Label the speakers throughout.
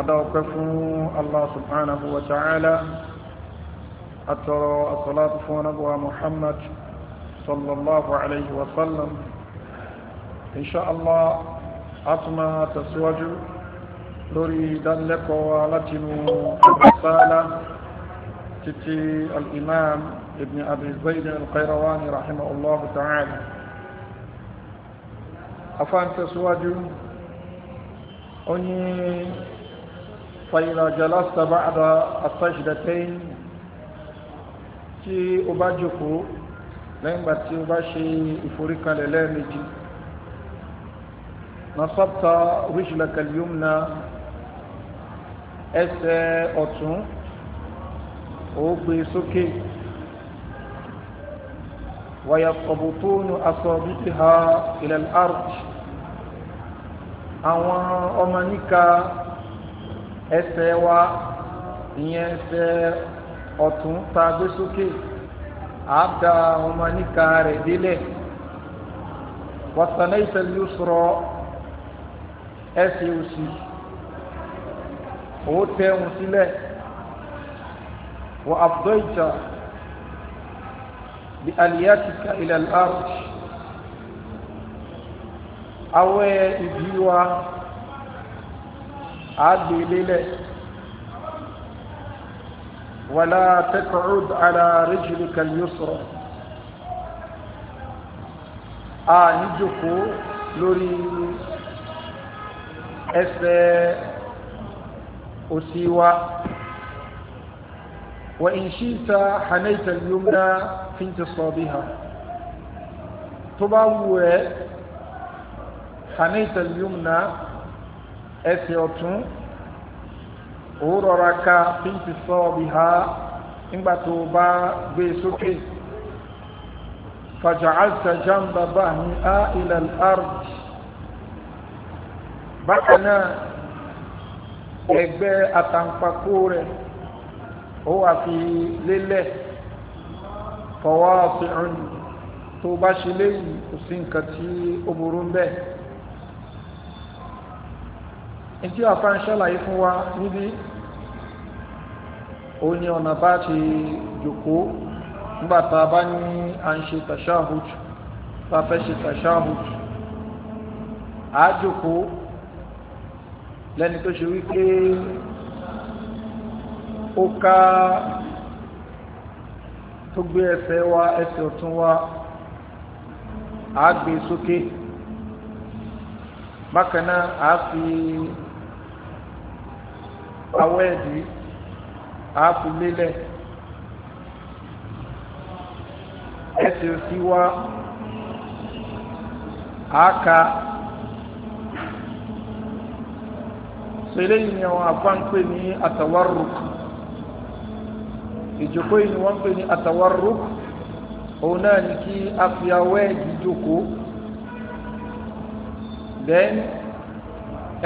Speaker 1: adáwọ̀pẹ́ fún allah subhanahu wa ta'ala atọrọ asọ́látù fún anábọ̀wá muhammad sallallahu alayhi wa sallam insha allah atuma tẹ̀síwájú lórí ìdánilẹ́kọ̀ọ́ látinú sálá títí al-imam ibn abi zayd al-qayrawani rahimahullahu ta'ala afáǹtẹ̀síwájú ó ní فإذا جلست بعد السجدتين tí o bá jókòó lẹ́yìn ìgbà tí o bá ṣe ìforíkalẹ̀ lẹ́ẹ̀mejì nasabta rijlaka al-yumna ẹsẹ̀ ọ̀tún ó gbé e sókè wa yasbutuna asabiha ila al-ard àwọn ọmọ níka ẹsẹ̀ wa ìyẹn ẹsẹ̀ ọ̀tún tá a gbé sókè á da ọmọ níka rẹ̀ délẹ̀ wàtàlẹ́ ìtẹ̀lẹ́ sọ̀rọ̀ ẹsẹ̀ òsì ó tẹ̀hún sílẹ̀ wà àbúdọ̀ ìjà bí aliyatika ilẹ̀ alárùj awẹ́ ìbí wa àgbè lélẹ̀ wàlá taq'ud ala rijlika al-yusra a níjòkó lórí ẹsẹ̀ òsì wa wa in shi'ta hanaita al-yumna fi intisabiha tó bá wù ẹ́ hanaita al ẹsẹ̀ ọ̀tún òun rọra ka fi sọ ọ̀bì ha nígbà tó o bá gbé e sókè fàjàcálta jàmbá bá ní á ilẹ̀ ard bákan náà ẹgbẹ́ àtàǹpàkò rẹ̀ ó wà fi lélẹ̀ fọwọ́ àfihàn tó o bá ṣe léyìí kò sí nǹkan tí burú bẹ́ẹ̀. tí àfá ń fún wa níbi ó ní ọ̀nà bá ti jòkó nígbàtà bá ní à ń ṣe tashahud a fẹ́ ṣe tashahud á jòkó lẹ́ni tó ṣe wípé ó ká tó gbé ẹsẹ̀ wa ẹsẹ̀ ọ̀tún wa á gbé e sókè bákan náà á fi àwọn ẹ̀dí àáfi lélẹ̀ ẹsẹ̀ sí wa àáka sọ eléyìí ni àwọn àfáǹpé ní àtàwárùk ìjòkó yìí ni wọ́n ń pè ní òun náà ni kí a fi awẹ́ ẹ̀dí jókòó then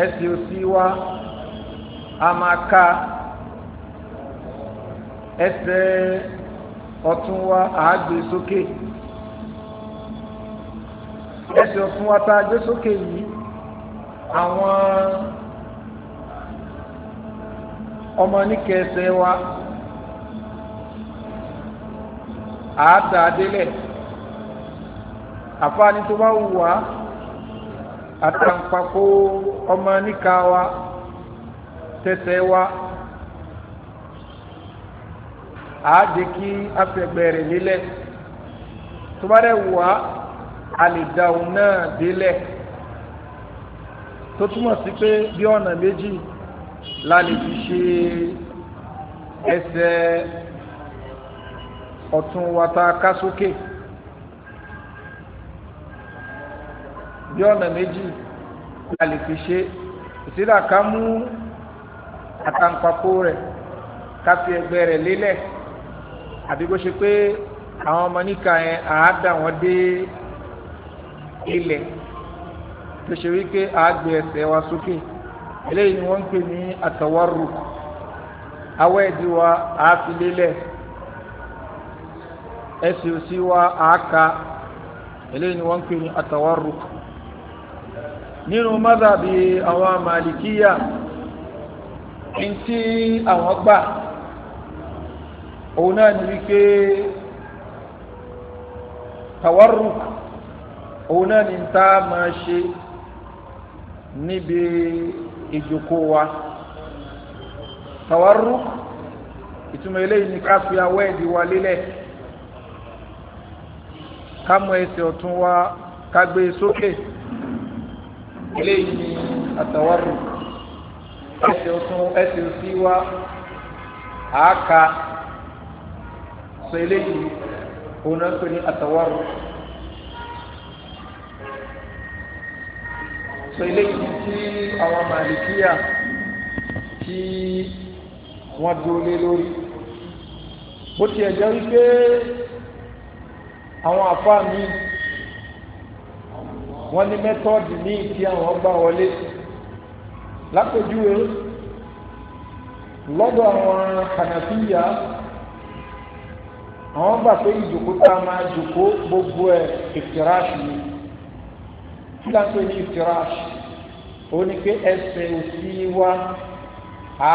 Speaker 1: ẹsẹ̀ wa. amaka máa ka wa àágbé sókè ẹsẹ̀ ọ̀tún wa tá a gbé sókè yìí àwọn ọmọ wa àádá délẹ̀ àfáàní tó bá wù wá àtàǹpàkò ọmọ wa. tẹsẹ̀ wa àádé kí afẹgbẹ́ rẹ̀ nílẹ̀ tó bá dẹ̀ wá àlìdáhùn náà délẹ̀ tó túmọ̀ sí pé bí ọ̀nà méjì la lè fi ṣe ẹsẹ̀ ọ̀tún wa tá a ká sókè bí ọ̀nà méjì la lè fi ṣe ìsídà ká mú àtàǹpàkò rẹ̀ káfí ẹgbẹ́ rẹ̀ lélẹ̀ àbí bó ṣe pé àwọn ọmọ níka yẹn àádà wọn dé ilẹ̀ tó ṣe wípé àágbé ẹsẹ̀ wa sókè eléyìí ni wọ́n ń pè ní àtàwárù awọ ẹ̀dí wa àáfi lélẹ̀ ẹsẹ̀ òsì wa àáka eléyìí ni wọ́n ń pè ní àtàwárù nínú mọ́tàbí àwọn màlìkíyà ntí àwọn gbà òun náà ní wípé tawarruk òun náà ní ta máa ṣe níbi ìjókòó wa tawarruk ìtumọ̀ eléyìí ni ká fi awọ́ ẹ̀dí wa lélẹ̀ ká mú ẹsẹ̀ ọ̀tún wa ká gbé e sókè eléyìí ni àtawarruk ẹsìn tún ẹsìn sí wa àáka sọ eléyìí òun náà pè ní àtàwárò sọ eléyìí tí àwọn màlìkíyà tí wọ́n dúró lé lórí bó tiẹ̀ jẹ́ wípé àwọn àfáà mi wọ́n ní mẹ́tọ́ọ̀dì míì tí àwọn gbà wọlé sí lápèjúwe lọ́dọ̀ àwọn kànáfíyà àwọn gbà pé ìjòkó tá a máa jòkó gbogbo ẹ̀ ìfìráṣì ni kí là ń pè ní ìfìráṣì ó ní pé ẹsẹ̀ òsì wa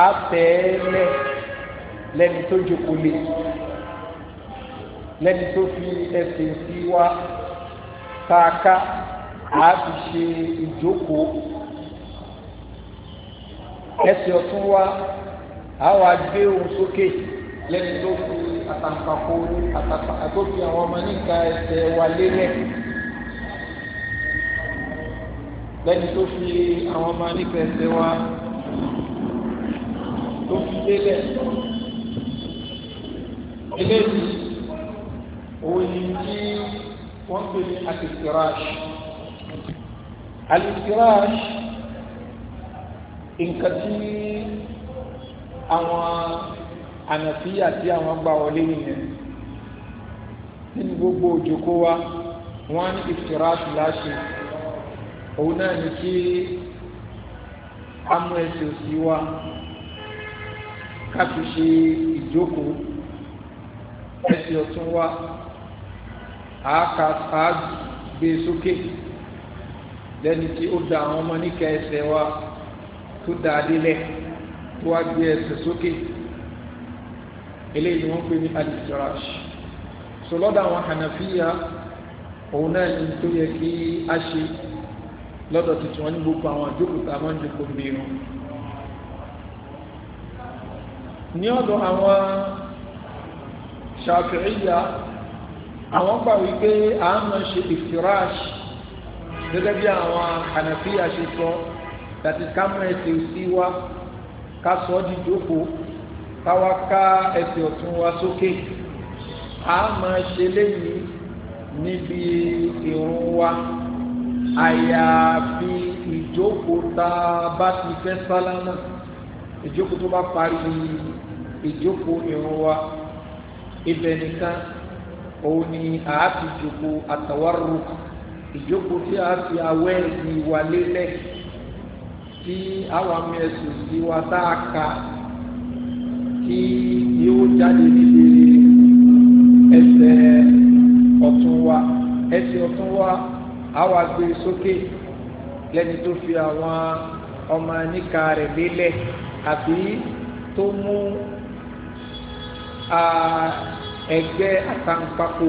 Speaker 1: àátẹ́ẹ́lẹ̀ lẹ́ni tó jòkó lé lẹ́ni tó fi ẹsẹ̀ òsì wa tààká àá fi ṣe ìjókòó ẹsẹ̀ ọ̀tún wa àwa gbé ohun sókè lẹ́ni tó fi àtàǹpàkò tó fi àwọn ọmọ níka ẹsẹ̀ wa lélẹ̀ lẹ́ni tó fi àwọn ọmọ níka ẹsẹ̀ wa tó fi lélẹ̀ eléyìí òun ni tí wọ́n pè ní alìsíráṣ alìsíráṣ
Speaker 2: nǹkan tí àwọn
Speaker 1: ànàfíyà tí àwọn gbà wọlé nìyẹn nínú gbogbo òjòkó wa wọn á ní ìfìràṣù láṣẹ òun náà ní kí amú ẹsẹ òsì wa ká fi ṣe ìjókòó ẹsẹ ọ̀tún wa àáka àá e sókè lẹni tí ó da àwọn ọmọ níkẹ ẹsẹ wa tó dáa délẹ̀ tó wá gbé ẹsẹ̀ sókè eléyìí ni wọ́n pè ní alifirash sọlọ́dọ̀ àwọn hànàfíà òun náà ní tó yẹ kí a ṣe lọ́dọ̀ tuntun wọn ní gbogbo àwọn àjókòó tá a máa ní ọ̀dọ̀ àwọn ṣàfihìyà àwọn gbà wípé à ṣe ìfirash gẹ́gẹ́ bí àwọn hànàfíà ṣe sọ. So, that is ká mú ẹsẹ̀ òsì wa ká sọ ọ́ di jókòó ká wá ká ẹsẹ̀ ọ̀tún wa sókè a máa ṣe léyìí níbi ìrun wa àyàfi ìjókòó tá a ti fẹ́ sálámà ìjókòó tó bá parí ìjókòó ìrun wa ibẹ̀ nìkan òun ni a ti àtàwárò ìjókòó tí a fi awẹ́ ìwà lélẹ̀ kí àwọn àmì ẹ̀sùn sí wa tá a ka kí yóò jáde níbi ẹsẹ̀ ọ̀tún wa ẹsẹ̀ ọ̀tún wa àwa gbé e sókè lẹ́ni tó fi àwọn ọmọ níka rẹ̀ lélẹ̀ àbí tó mú ẹgbẹ́ àtàǹpàkò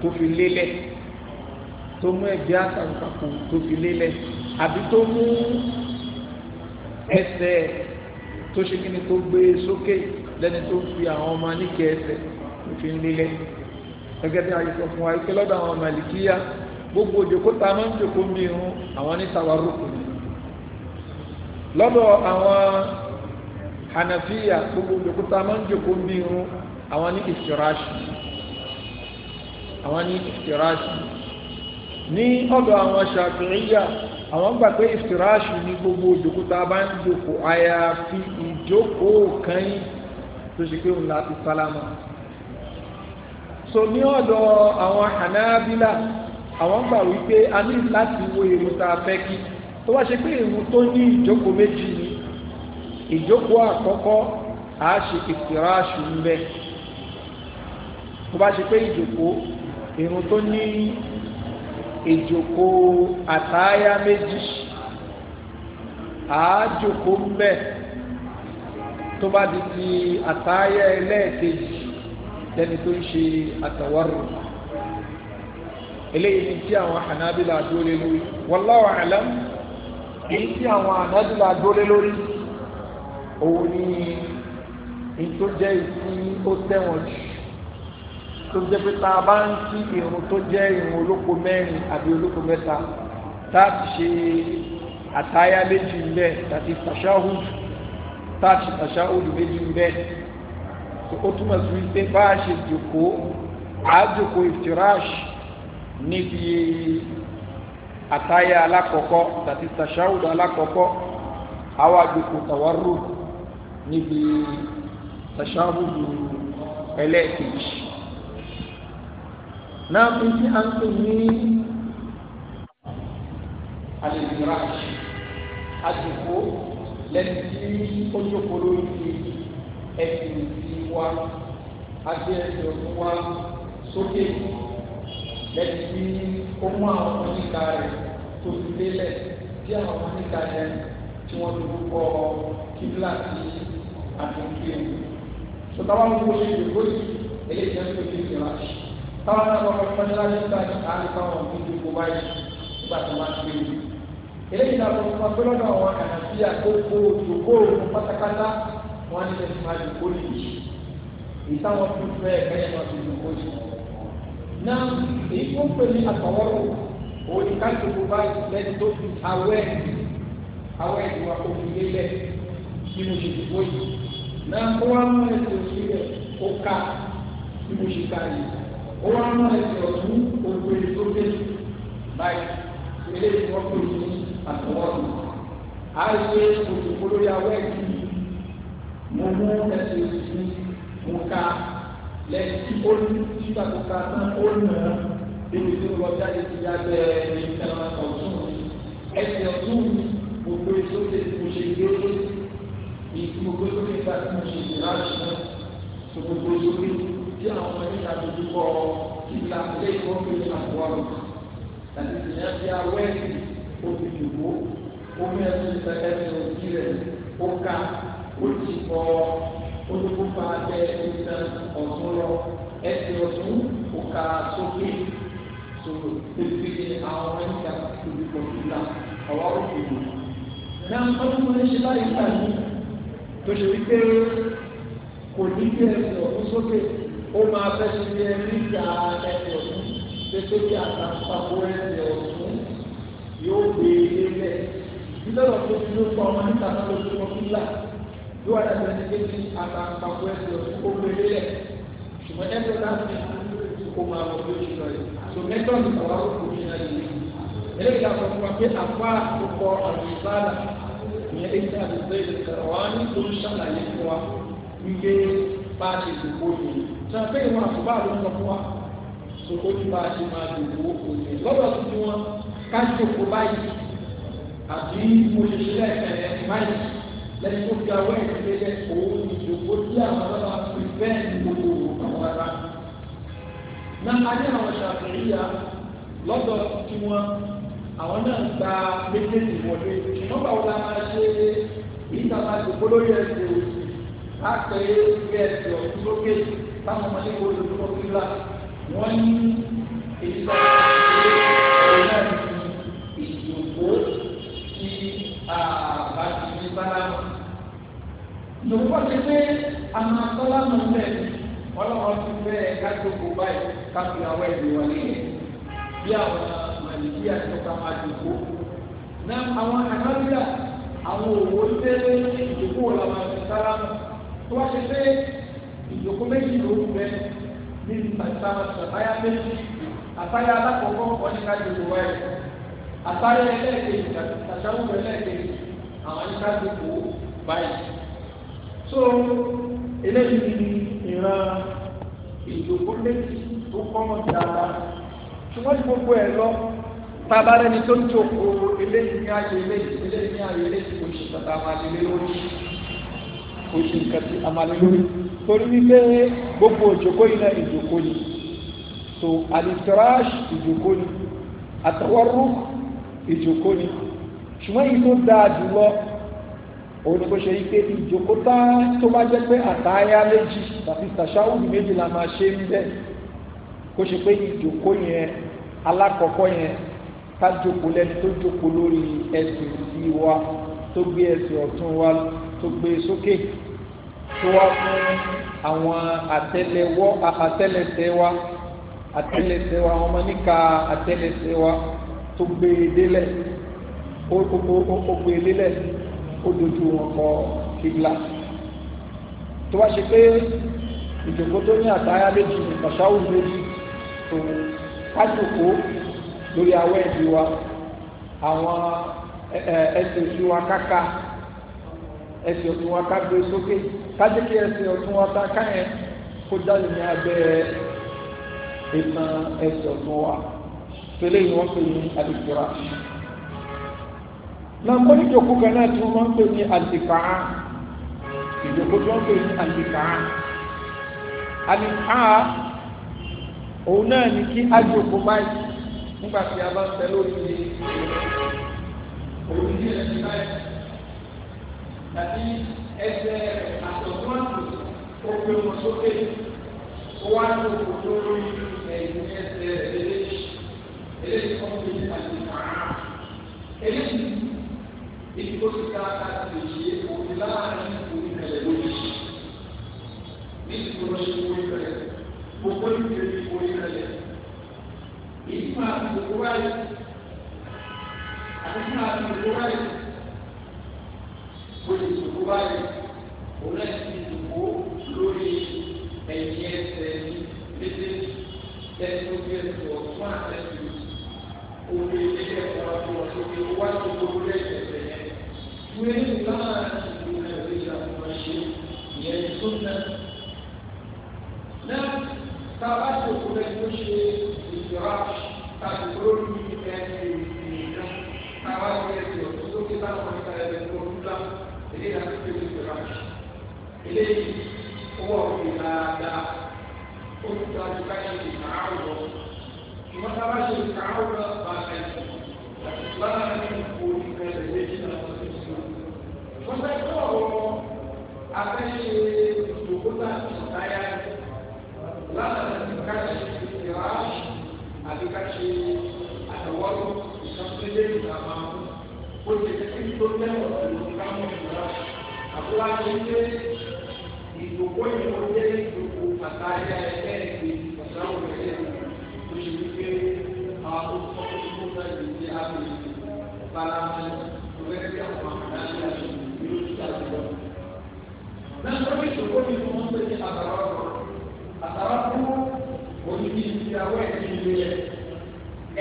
Speaker 1: tó fi lélẹ̀ tó mú ẹgbẹ́ àtàǹpàkò tó fi lélẹ̀ àbí tó mú ẹsẹ̀ tó ṣe kí ni tó gbé sókè lẹ́ni tó fi àwọn ọmọ níkẹ ẹsẹ̀ òfin lílẹ̀ gẹ́gẹ́ bí ayé sọ fún wa ike lọ́dọ̀ àwọn màlìkíyà gbogbo òjòkó ta máa ń jòkó mi àwọn ní tawarúkú ni lọ́dọ̀ àwọn hànàfíyà gbogbo òjòkó máa ń jòkó mi àwọn ní ìfìràṣì àwọn ní ìfìràṣì ní ọ̀dọ̀ àwọn ṣàfihàn àwọn gbà pé ìfìràṣù ní gbogbo òjòkó tá a bá ń jòkó àyàfi ìjókòó kan yìí tó ṣe pé òun láti sálámà so ní ọ̀dọ̀ àwọn Hanabila àwọn gbà wípé a ní láti wo èrò tá a fẹ́ kí tó wá ṣe pé èrò tó ní ìjókòó méjì ni ìjókòó àkọ́kọ́ a ṣe ìfìràṣù ń bẹ tó bá ṣe pé ìjókòó èrò tó ní ìjòkó àtàyà méjì àájòkó mbẹ tó bá di ti àtàyà ẹlẹ́ẹ̀kejì lẹ́ni tó ń ṣe àtàwárò eléyìí ni tí àwọn ànábìlà dúró lórí wallahu a'lam èyí tí àwọn ànábìlà dúró lórí òun ni ní jẹ́ ìsín ó tẹ̀wọ̀n jù tó jẹ́ pé tá a bá ń kí irun tó jẹ́ irun olóko mẹ́rin àbí olóko mẹ́ta tá a ti ṣe àtayá méjì ń bẹ tàbí tàṣáhùd tá a ṣe tàṣáhùd méjì ń bẹ ó túmọ̀ sí wípé bá a ṣe jòkó àájòkó ìftirash níbi àtayá alákọ̀ọ́kọ́ tàbí tàṣáhùd alákọ̀ọ́kọ́ àwọn àjòkó tàwárò níbi tàṣáhùd ẹlẹ́ẹ̀kejì náà fi sí àǹtò ní alèbìrach àdìgbò lẹ́ni tí ó jókòó lórí ẹ̀sìn ti wá agbé ẹsẹ̀ ọ̀tún wá sókè lẹ́ni tí ó mú àwọn oníka rẹ̀ tó fi lélẹ̀ tí àwọn oníka rẹ̀ tí wọ́n dúró kọ kíbla sí àtúntò. sọ̀tàwọn gbogbo ṣe ìdìbò yìí eléyìí náà tó fi ìdìbò àṣì. táwọn náà bọ̀ fún mọ́ṣáláṣí báyìí àti báwọn bíbí kò báyìí nígbà tó máa ń gbé yìí. eléyìí náà tó fún wa pé lọ́dọ̀ àwọn àyàfi àgbókò òjòkó òòrùn pátákátá wọn ní ẹsẹ̀ máa dùn kórè yìí. ìtàwọn tó fẹ́ ẹ̀kẹ́yẹ náà ti dùn kórè. náà èyí tó pè ní àtọwọ́rò òun ni ká tó báyìí lẹ́ni tó ó wá mọ ẹsẹ̀ ọ̀tún òkú èyí tó dé eu ilé ìfọ́pọ̀ yìí àtọwọ́dù á o que eu awẹ́ yìí
Speaker 2: mo mú ẹsẹ̀
Speaker 1: òsì mo ka lẹ́yìn o que eu nígbà tó ka tán ó nà á ebi tó o que eu ya bẹ que eu sou o que eu sou o que eu gbé ìgbòho lórí ìgbà tí mo ṣe ìgbà tí o que eu sou tí àwọn ọmọ yìí láti dúpọ̀ ìlà ilé ìwọ́pẹ̀ ní àbúrò àbúrò àti ìyẹn fi awẹ́ omi ìdìbò omi ẹ̀sìn ẹ̀sìn òbí rẹ̀ ó ká ó ti kọ́ olùkópa abẹ́ ìtàn ọ̀tún lọ ẹ̀sìn ọ̀tún ó ká sókè tó ebi àwọn ọmọ yìí láti dúpọ̀ ìlà ọ̀wá òkùnkùn. náà ọdún mọ́lẹ́ ṣe báyìí pàdé tó ṣe wípé kò ní bí ẹ̀sìn ọ̀tún sókè ó máa fẹ́ ṣe bí ẹni ìjà ẹni ọ̀tún pépé bí àtàkùn ẹni ọ̀tún yóò gbé e lẹ̀ nítorí ọ̀tún tí ló pa ọmọ níta náà lójú wọn fún là yóò wá dàbí ẹni pé kí àtàkùn ẹni ọ̀tún ó gbé e lẹ̀ ṣùgbọ́n ẹni ọ̀tún láti kó máa wọ bí ó ṣe lọ yìí tó mẹ́tọ́ ní bàbá ó kò ní ayé yìí eléyìí la sọ fún wa pé àpá àkókò ọ̀rọ̀ ìbára ìyẹn sàpé ìwọn àtúbà ló ń lọ fún wa sòkò tí bá a ṣe máa dòwò òye lọ́dọ̀ sí wọn ká jòkó báyìí àbí mo lè ṣe lẹ́ẹ̀kẹ́ báyìí lẹ́yìn tó fi awẹ́ ìdílé òun ìjòkó tí àwọn ọlọ́wà fi bẹ́ẹ̀ ní gbogbo àwọn ará. na ayé àwọn ṣàfihàn lọ́dọ̀ sí wọn àwọn náà gba méjèèjì wọlé ṣùgbọ́n báwo la máa ṣe ìtàkùn àti ìpolówó ẹ̀sìn àpẹẹrẹ ẹ̀sìn ọ̀tún lókè táwọn ọmọdé wo lè dúró kíla wọ́n ní èyí tó ń bá ìjòkó tí àbá ti ní sálámù.
Speaker 2: ìjòkó ti pé àmà sálámù bẹ́ẹ̀
Speaker 1: ọlọ́wọ́ ti bẹ́ẹ̀ kájọpọ̀ báyìí káfí àwọn ẹ̀dùn wọlé yẹn bí àwọn màlìkí àti ọ̀tá máa dìbò. náà àwọn àgbàdìyà àwọn òwò ń tẹ́lẹ̀ ìjòkó làwọn àti sálámù tó wá ṣe pé ìjókòó méjì ló ń bẹ níbi pàṣípàmọ́ àtàyà méjì àtàyà alákọ̀ọ́kọ́ wọn ní ká jòkó wáyé àtàyà ẹlẹ́ẹ̀kejì àtàwọn ẹlẹ́ẹ̀kejì àwọn ní ká jòkó báyìí. so eléyìí ni ìran ìjókòó méjì tó kọ́mọ̀ dáadáa ṣùgbọ́n ní gbogbo ẹ̀ lọ tabalẹ̀ ni tó ń jòkó eléyìí ní ayé eléyìí eléyìí ní ayé eléyìí kò ṣe tata amalélórí kò ṣe nǹkan ti amalélórí torí wípé gbogbo òjòkó iná ìjòkó ni so alifirash ìjòkó ni àtọwọ́rú ìjòkó ni ṣùgbọ́n yìí tó dáa jùlọ òun ni kò ṣe wípé ìjòkó tá tó bá jẹ́ pé àtàyà méjì tàbí sàṣáwùdì méjì la máa ṣe ń bẹ́ẹ̀ kó ṣe pé ìjòkó yẹn alákọ̀ọ́kọ́ yẹn ká jókòó lẹ́ni tó jókòó lórí ẹsẹ̀ sí wa tó gbé ẹsẹ̀ ọ̀tún wa tó gbé e sókè. So,
Speaker 2: tó wá fún
Speaker 1: àwọn àtẹ́lẹwọ́ àtẹ́lẹsẹ̀ wa àtẹ́lẹsẹ̀ wa àwọn ọmọ níka àtẹ́lẹsẹ̀ wa tó gbé e délẹ̀ ó gbé e délẹ̀ ó dojú wọn kọ kíbla tó wá ṣe pé ìjòkó tó ní àtàyà méjì ìpàṣáwù méjì tó kájòkó lórí awẹ́ ìdí wa àwọn ẹsẹ̀ òsì wa káka ẹsẹ̀ òsì wa ká e sókè. So, kájé kí ẹsẹ̀ ọ̀tún wa ta káyẹn kó jáde ní abẹ́ ìtàn ẹsẹ̀ ọ̀tún wa tẹ́lẹ̀ ni wọ́n pè ní àdìgbòrà náà kọ́ níjòkó kan náà tí wọ́n máa ń pè ní àdìgbàá ìjòkó tí wọ́n pè ní àdìgbàá àdìgbàá òun náà ni kí ájòkó báyìí nígbà tí a bá ń tẹ lórí ní
Speaker 2: òun ní ẹ̀sìn
Speaker 1: báyìí ẹsẹ̀ àtọ̀gbọ́n tó gbé wọn sókè wá lóko lórí ẹ̀yìn ẹsẹ̀ eléyìí eléyìí kan fi àti àrà eléyìí ìdíkó ti ká àti ìṣe òbí láàrin òbí kẹlẹ̀ lórí ní ìdíkó ṣe òbí kẹlẹ̀ gbogbo ìdíkó ṣe òbí kẹlẹ̀
Speaker 2: ìdíkó àti òbí wáyé àti ìdíkó àti òbí wáyé o lè sòkò báyìí o náà ti dùkú
Speaker 1: lórí ẹ̀yìn ẹsẹ̀ méjèèjì ẹ̀sìn ojú ẹ̀sìn ọ̀tún àtẹ̀sìn òwe ilé ẹ̀kọ́ àti ọ̀sẹ̀ wájú gbogbo
Speaker 2: ẹ̀sẹ̀ yẹn.
Speaker 1: Wíwé nígbà ìlú rẹ̀ lè ṣe àwọn ṣe ìyẹn tó ná. Náà tá a bá ṣe òkú rẹ̀ tó ṣe ìjọra tàbí lórí ẹni ìrìnà tá a bá ṣe ẹ̀sìn ọ̀tún lókè táwọn ọ̀sẹ̀ rẹ̀ lè kó ilé owó ọ̀gbìn dáadáa ó ti gba ju káyọ̀ ní ìkàrà lọ
Speaker 2: ìwọ́n tá a bá ṣe ìkàrà lọ bá a ṣe lọ́nà ní ipò ìbẹ̀rẹ̀ méjì náà lọ sí sí wọ́n fẹ́ tó ọ̀rọ̀ afẹ́ṣe ìdòkúta ìdáyà lọ́nà ní káṣe ìkàrà
Speaker 1: àti káṣe àtẹ̀wọ́lù ìṣàkóso ìgbà máa ó ti fi tó lẹ́wọ̀n pẹ̀lú káwọn ìgbà àbúrò àti ilé ìdòkó yìí mo jẹ́ ìdòkó àtàyà ẹgbẹ́ ìgbé ọ̀sáwò ẹ̀yẹ tó ṣe wípé àwọn ọmọ ìlú náà lè jẹ́ àbẹ̀yẹ balama
Speaker 2: ọ̀rẹ́dẹ́ àwọn àdáyé yóò ti àjọ. Náà wọ́n ti sọ̀rọ̀ bí wọ́n pè ní àtàwákọ̀. Àtàwákọ̀ oníbi ìyàwó ẹ̀jẹ̀ ilé ẹ̀.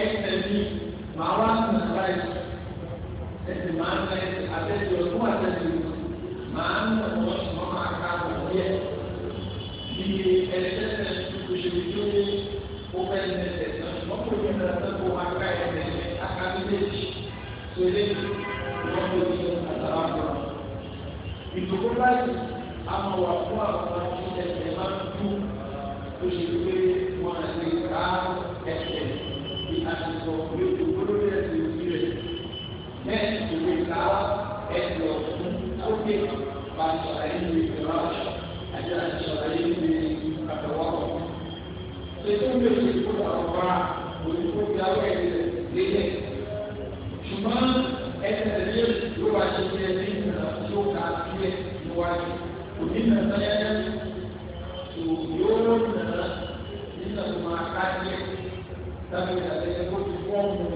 Speaker 2: Ẹ̀sẹ̀ ni màá wá nà láì. Ẹ̀sẹ̀ máa ń lẹ́ àtẹ̀jọ́ fún àtẹ̀jọ́. Màá ń nà wọ́n sùn máa ka lọ́wọ́
Speaker 1: yẹ iye ẹsẹ̀ òṣèlú tó yẹ kó fẹ́ ní ẹsẹ̀ náà wọ́n kò ní ẹsẹ̀ tó kó máa ka ẹsẹ̀ yẹ aka méjèèjì tó yẹ wọ́n kò ní àtàwọn àgbà. ìdòkó báyìí àwọn wà fún
Speaker 2: àwọn ẹsẹ̀ máa ń dún òṣèlú pé wọ́n á lè ka ẹsẹ̀ bí a ti sọ pé olórí ẹsẹ̀ بعد شهرين من الفراش شهرين من التوقف سيكون بشكل
Speaker 1: الأربعة ويكون دواء ليه شمال التدريب هو شيء من السوق العالمية الواحد ومن الثاني يورون من المعقد
Speaker 2: تبدأ تكون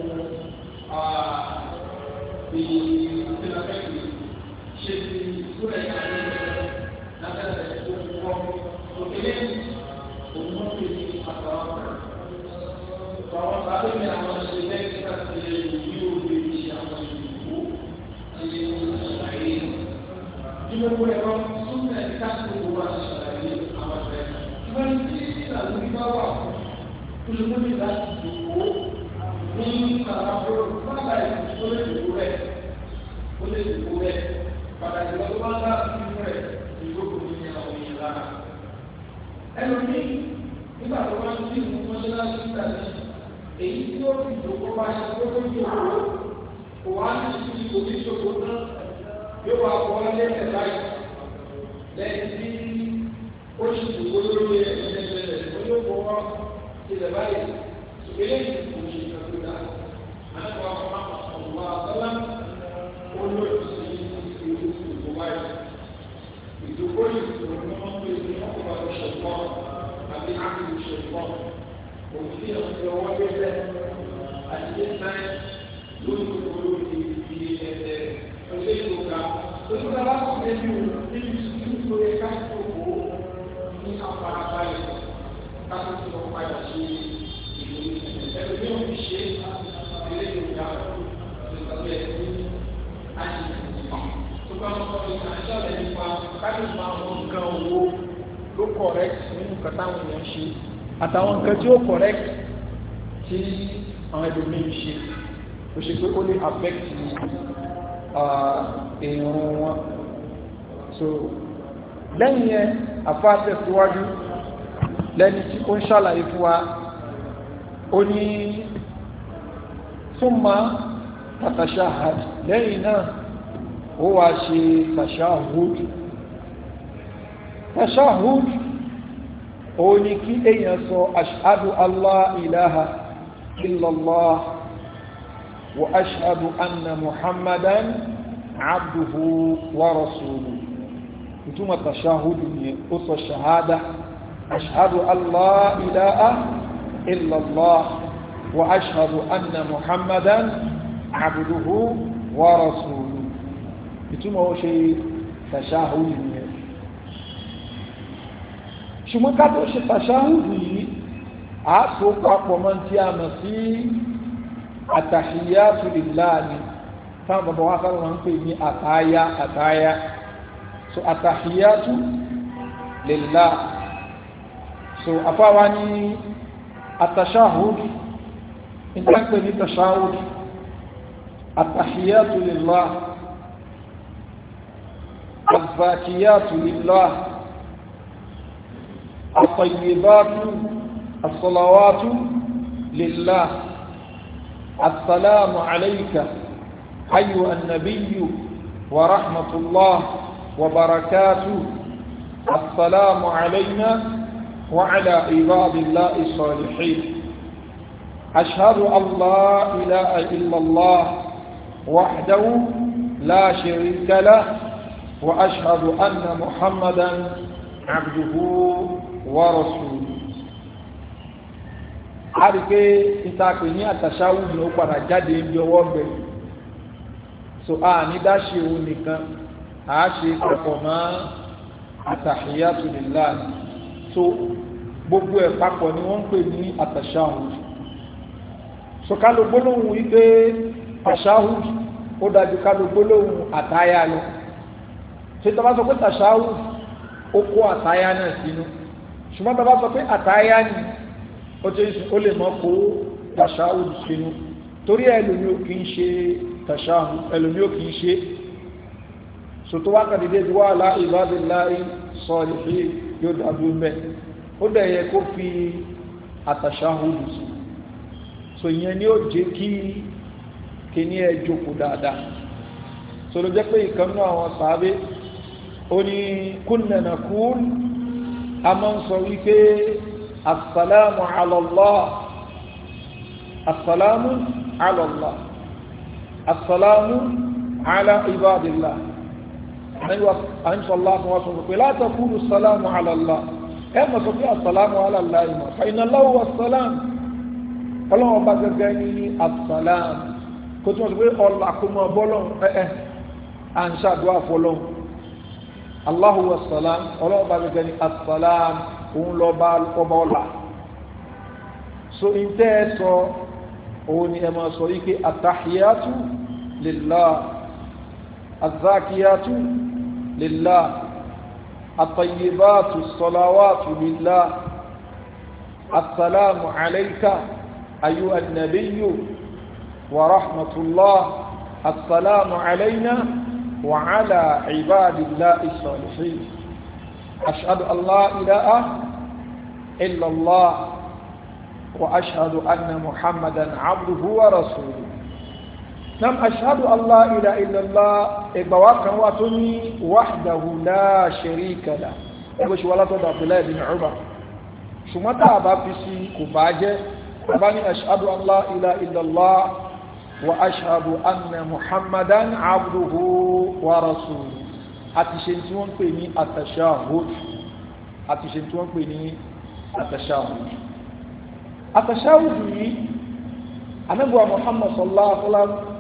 Speaker 2: في تلافيكي should be put aside.
Speaker 1: lẹ́yìn yẹn àfa tẹ̀síwájú lẹ́ni tí ó ń ṣàlàyé fún wa ó ní súnmọ́ tatashahad lẹ́yìn náà ó wá ṣe tashahud tashahud ó ní kí èèyàn sọ ashadu allah ilaha illallah wa ashadu anna muhammadan abduhu wa rasuluhu ìtumọ̀ tàṣáhùdù nìyẹn ó sọ ṣàhádà ashhadu allah ilaha illallah wa ashhadu anna muhammadan abduhu wa rasuluhu ìtumọ̀ ó ṣe tàṣáhùdù nìyẹn ṣùgbọ́n ká tó ṣe tàṣáhùdù yìí a tó papọ̀ mọ́ tí a mọ̀ sí àtàṣíyá tó lè táwọn bàbá wa sábà máa ń pè ní àtàyà àtàyà so àtàhíyátú lillah so afáwa ní àtàṣáhùdù ìtàpẹ̀ ní tàṣáhùdù àtàhíyátú lillah àzàkíyátú lillah àtàyèbátú àsọlọ́wátú lillah السلام عليك أيها النبي ورحمة الله وبركاته السلام علينا وعلى عباد الله الصالحين أشهد أن لا إله إلا الله وحده لا شريك له وأشهد أن محمدا عبده ورسوله a rí i pé ìtàkùn ní àtàṣáwù ni ó padà jáde ibi ọwọ́ bẹ̀ so a ní dáṣe òun nìkan a ṣe papọ̀ mọ́ àtàhíyàtù so gbogbo ẹ̀ papọ̀ ni wọ́n ń pè ní àtàṣáhùd sọkálò gbólóhùn wípé àṣáhùd ó dájú kálò gbólóhùn àtáyà lọ ṣe tó bá sọ pé tàṣáhùd ó kó àtáyà náà sínú ṣùgbọ́n tó bá sọ pé àtáyà ni ó ti sùn ó lè kó tàṣáhùd sínú torí ẹlòmí kì í ṣe tàṣáhùd ẹlòmí kì í ṣe sòtò wákàtí débi wà lá ibadillahi salihin yóò dàbí mẹ́ ó dẹ̀ yẹ kó fi àtàṣáhùdù sí so ìyẹn ni ó jẹ́ kí kíní ẹ jókòó dáadáa sọ̀rọ̀ jẹ́ pé ìkànnú àwọn sàábé ó ní kúnnẹ̀nà kún a máa ń sọ wípé asàlámù alọ́lá asàlámù alọ́lá asàlámù alá àníṣọ́lá fún wọn sọ pé látàkùrù sálámù àlàlá ẹ mọ̀ sọ pé àsàlámù àlàlá ìmọ̀ fàìnàláwù àsàlámù ọlọ́wọ́ bá gẹ́gẹ́ ní àsàlámù kó tí wọ́n sọ pé ọ̀là kó ẹ̀ẹ́ à fọlọ́ aláhu àsàlámù ọlọ́wọ́ bá gẹ́gẹ́ ní àsàlámù òun lọ bá ọba so ìtẹ́ ẹ sọ òun ni ẹ sọ yìí pé àtàhíyàtú lillah àzákíyàtú لله الطيبات الصلوات لله السلام عليك أيها النبي ورحمة الله السلام علينا وعلى عباد الله الصالحين أشهد أن لا إله إلا الله وأشهد أن محمدا عبده ورسوله nam ashadu allah ila illallah ẹgbà wa kan wa tó ní wahdahu la sharika la ẹgbẹ́ ṣe wà látọ̀dọ̀ abdullahi bin umar ṣùgbọ́n tá a bá fi sí kò bá jẹ́ bá ní ashadu allah ila illallah wa ashadu anna muhammadan abduhu wa rasuluhu àti ṣe tí wọ́n ń pè atashahud àti ṣe tí wọ́n ń pè atashahud atashahud yìí anábùwà muhammad sallallahu alaihi wa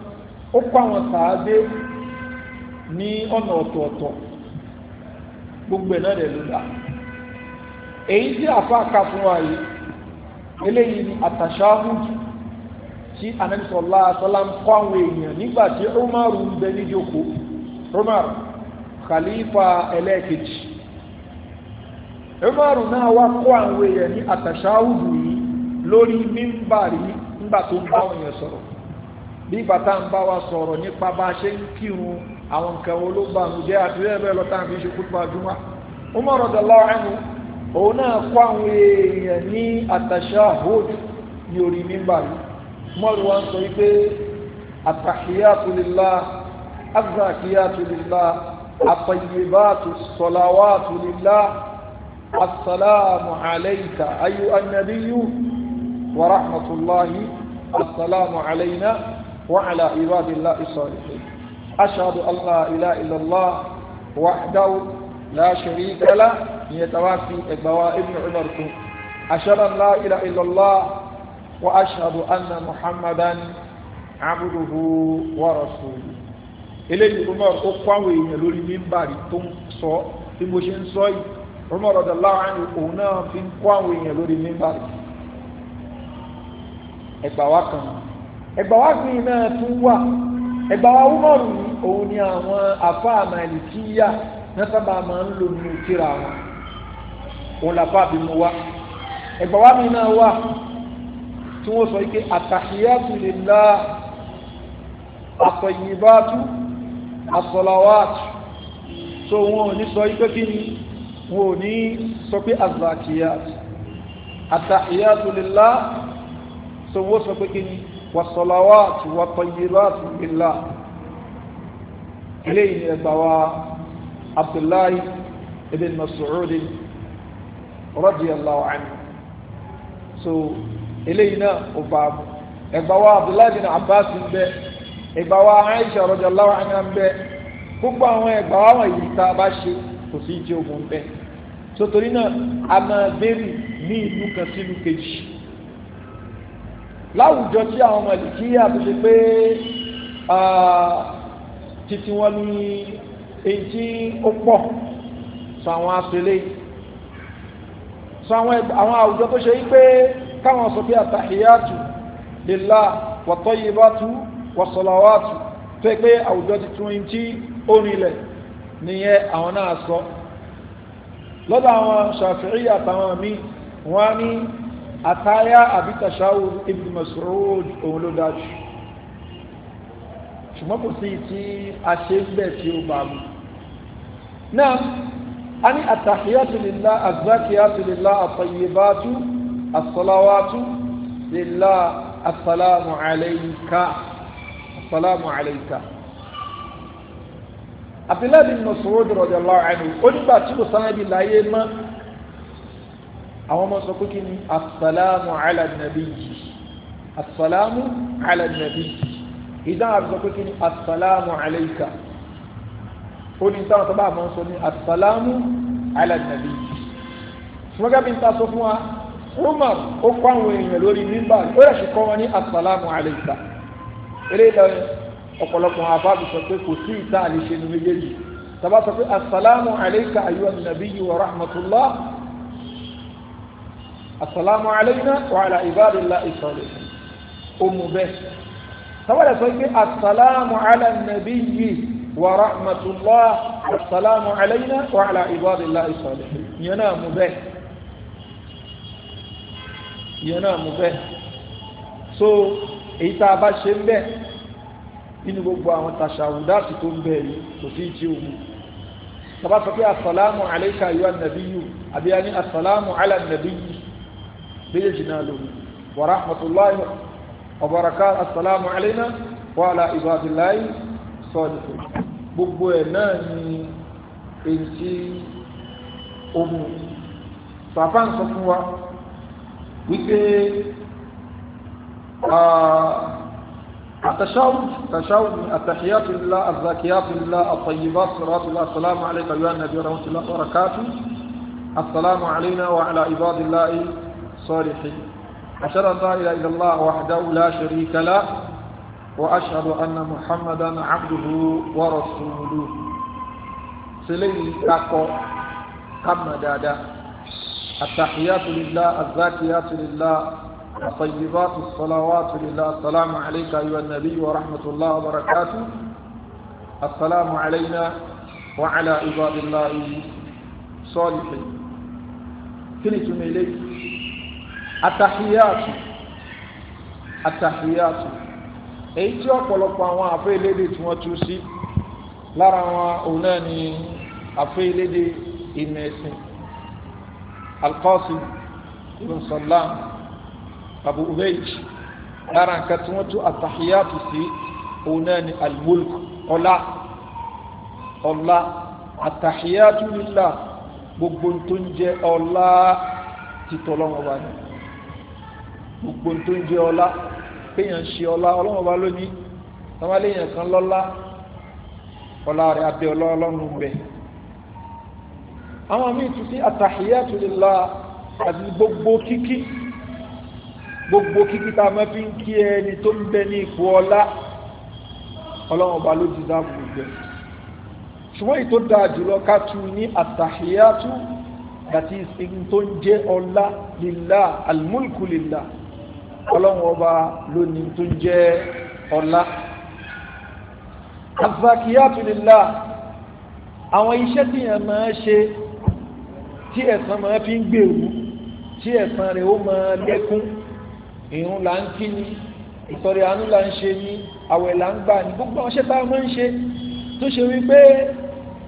Speaker 1: ó kọ́ àwọn sàábé ní ọ̀nà ọ̀tọ̀ọ̀tọ̀ gbogbo ẹ̀ náà rẹ̀ ló èyí tí àfa fún wa yìí eléyìí ni àtàṣáhùd tí anẹ́sọ̀lá sọ́lá ń kọ́ àwọn èèyàn nígbà tí ń bẹ khalifa ẹlẹ́ẹ̀kejì Umaru náà wá kọ́ àwọn èèyàn ní àtàṣáhùd yìí lórí mímbàrí nígbà bí bàtà ń bá wa sọ̀rọ̀ nípa bá a ṣe ń kírun àwọn nǹkan wo ló bá àwọn jẹ́ àdúrà bẹ́ẹ̀ lọ́tà àfi ṣe kútu àjùmọ̀ Umar radallahu anhu òun náà kọ́ àwọn èèyàn ní at-tashahhud ní orí mímbà yìí mọ́ọ̀lù wa ń sọ wípé at-tahiyyatu lillah az-zakiyatu lillah at-tayyibatu as-salawatu lillah السلام عليك أيها النبي ورحمة الله السلام علينا وعلى عباد الله الصالحين أشهد أن لا إله إلا الله وحده لا شريك له يتوافي إقبواء ابن عمركم أشهد أن لا إله إلا الله وأشهد أن محمدا عبده ورسوله eléyìí Umar ó kó àwọn èèyàn lórí mímbàrí tó ń sọ bí mo ṣe ń sọ yìí Umar radallahu anhu òun náà ẹgbà wá fi náà tún wà ẹgbà wá wúmọ̀rù yìí òun ni àwọn àfáà màlìkíyà náà sábà máa ń lò ní òtíra wọn òun làfáà bí mo wá ẹgbà wá mi náà wà tí wọ́n sọ ike àtàhíyàtù lillah àtọ̀yìnbátú àsọ̀làwàtù so wọn ò ní sọ ike kí ni wọn ò ní sọ pé àzàkíyàtù àtàhíyàtù lillah so wọ́n sọ pé kí ni. والصلوات والطيبات لله إليه يتوى عبد الله بن مسعود رضي الله عنه so إلينا أباب إبوا عبد الله بن عباس به إبوا عائشة رضي الله عنها به gbogbo àwọn ẹgbà àwọn èyí tá a bá ṣe kò sí jẹ ogun bẹ́ẹ̀ sotori náà a máa bẹ̀rẹ̀ ní ìlú kan sílùú kejì láwùjọ tí àwọn ọmọ ìdíkíyà tó ṣe pé títí wọn ní èyí tí ó pọ̀ sọ àwọn aṣèlè sọ àwọn àwùjọ tó ṣe wípé káwọn sọ pé àtàhíyàtù lillah wàtọ́yìbátù wàsọ̀làwàtù tó yẹ pé àwùjọ títí wọn tí ó rinlẹ̀ nìyẹn àwọn náà sọ lọ́dọ̀ àwọn Ṣàfi'í àtàwọn míì wọ́n á ní àtàyà àbí tashahud ibn Mas'ud òun ló dájú ṣùgbọ́n kò sí tí a ṣe ń bẹ̀ tí ó bá mu náà a ní àtàhíyàtù lillah àzákíyàtù lillah àtàyèbátú àsọláwátú lillah àsàlámù àlẹ́yìnká àsàlámù àlẹ́yìnká Abdullahi bin Mas'ud radiyallahu anhu onígbà tí kò sáyẹ́ bí láyé mọ́ àwọn ọmọ sọ pé kí ni asalamu ala nabiyyi asalamu ala nabiyyi ìdáhùn àti sọ pé kí ni asalamu alayka ó ní táwọn sábà máa ń sọ ní asalamu ala nabiyyi ṣùgbọ́n gábí ń ta sọ fún wa Umar ó kọ́ àwọn èèyàn lórí mímbà ó rẹ̀ sì kọ́ wọn ní asalamu alayka eléyìí lọ ọ̀pọ̀lọpọ̀ àbábí sọ pé kò sí ìta àlè ṣe ní méjèèjì tàbá sọ pé asalamu alayka ayyuhan nabiyyu wa rahmatullah assalamu alayna wa ala ibadillahi salihin omu bẹ́ẹ̀ sábàdà sọ pé assalamu ala nabiyyi wa rahmatullah assalamu alayna wa ala ibadillahi salihin yẹn náà mu bẹ́ẹ̀ yẹn náà mu so èyí tá a bá ṣe ń bẹ́ẹ̀ nínú gbogbo àwọn tàṣàwùdáàtì tó ń bẹ yìí kò sí ìtì òmu tàbá sọ pé alayka ayyuhan nabiyyu àbí a ala nabiyyi méjèèjì náà lórí wa rahmatulahi wa barakatuh asalaamu alayna wa ala ibadillahi sọ́ọ̀dùkú gbogbo ẹ̀ náà ni èyí tí ó mú bàbá ń sọ fún wa wípé التشاؤم تشاؤم التحيات لله الزاكيات لله الطيبات صلاة الله السلام عليك يا نبي ورحمة الله وبركاته السلام علينا وعلى عباد الله صالحين أشهد أن لا إله إلا الله وحده لا شريك له وأشهد أن محمدا عبده ورسوله سلي أكو كما دادا التحيات لله الزاكيات لله الطيبات الصلوات لله السلام عليك أيها النبي ورحمة الله وبركاته السلام علينا وعلى عباد الله صالحين كنتم إليه atahiyatu atahiyatu èyí tí ọ̀pọ̀lọpọ̀ àwọn àfẹ́ ìlédè tí wọ́n tú sí lára wọn òun náà ni àfẹ́ ìlédè ìmọ̀ ẹ̀sìn alqasim ibn abu ubeid lára nǹkan tí wọ́n tú atahiyatu sí òun náà ni almulk ọlá ọlá atahiyatu lillah gbogbo tó ń ọlá títọ́lọ́wọ́ wa ni gbogbo tó ń jẹ ọlá kéèyàn ń ṣe ọlá ọlọ́wọ́n bá lónìí tọ́wọ́ léèyàn kan lọ́lá ọlá rẹ̀ abẹ́ ọlọ́run bẹ̀. àwọn míì tún sí àtàhíyàtu lillah àti gbogbo kíkí gbogbo kíkí tá a máa fi ń kí ẹni tó ń bẹ ní ipò ọlá ọlọ́wọ́n bá ló ti dáàbò ṣùgbọ́n ìtò dáa jùlọ ká tu ní àtàhíyàtu that is in tó ń jẹ́ ọlá lillah almulku lillah ọlọ́run ọba lónìí tó ń jẹ́ ọlá azakiyatulila àwọn iṣẹ́ tí yẹn máa ṣe tí ẹ̀san máa fi ń gbèrú tí ẹ̀san rẹ̀ ó máa lékún ìrun là ń kí ni ìtọrẹ àánú là ń ṣe ni àwẹ̀ là ń gbà ní gbogbo àwọn iṣẹ́ tá a máa ń ṣe tó ṣe wípé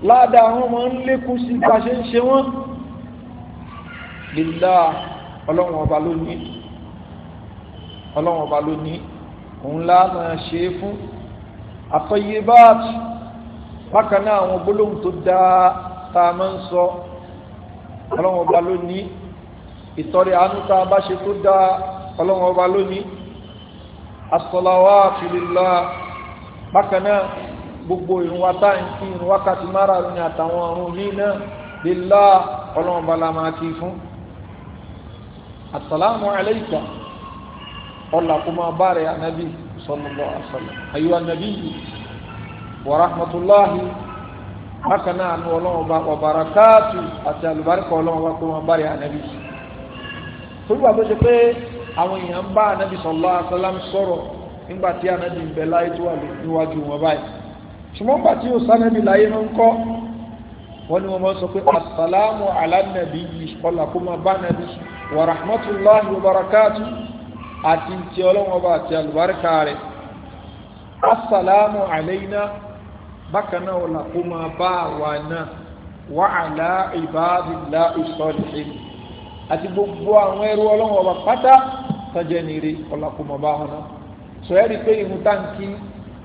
Speaker 1: ládàá wọn máa ń lékún sí bá ṣe ń ṣe wọn lílá ọlọ́run ọba lónìí ọlọ́wọ́n ọba ló ní òun láàmà ṣe é fún àtọ́yé báàtì bákan náà àwọn gbólóhùn tó dáa tá a máa ń sọ ọlọ́wọ́n ọba ló ní ìtọ́rẹ àánú tá a bá ṣe tó dáa ọlọ́wọ́n ọba ló ní asọ́láwá fìlìlá bákan náà gbogbo ìrun wa tá à àtàwọn ọ̀run mí náà lílá ọlọ́wọ́n ọba la máa kí fún asàlámù aláìkà. Allah Kuma máa bá rẹ̀ sallallahu alaihi wasallam ayyuha nabiyyu wa rahmatulahi bákan náà nu ọlọ́wọ́n bá wà barakatu àti alùbáríkà ọlọ́wọ́n bá kó máa bá rẹ̀ anabi torí wà tó ṣe pé àwọn èèyàn sallallahu alaihi wasallam Soro, nígbà tí anabi ń bẹ láyé tó wà níwájú wọn báyìí ṣùgbọ́n gbà tí ó sanabi láyé ló ń kọ́ wọ́n ní wọ́n máa ń sọ ala nabiyyi ọlá kó máa wa rahmatulahi wa barakatu àti ti ọlọ́wọ́n bá àti àlùbáríkà rẹ̀ asalaamu alayna bákan náà wọ́n làkó máa bá àwa náà wà àlá ìbáàdìlá ìsọ̀lẹ̀ àti gbogbo àwọn ẹrú ọlọ́wọ́n bá pátá tọ́jẹ́ nìire ọ̀làkó máa bá wọn náà sọ ẹ́ rí pé ìhun táǹkì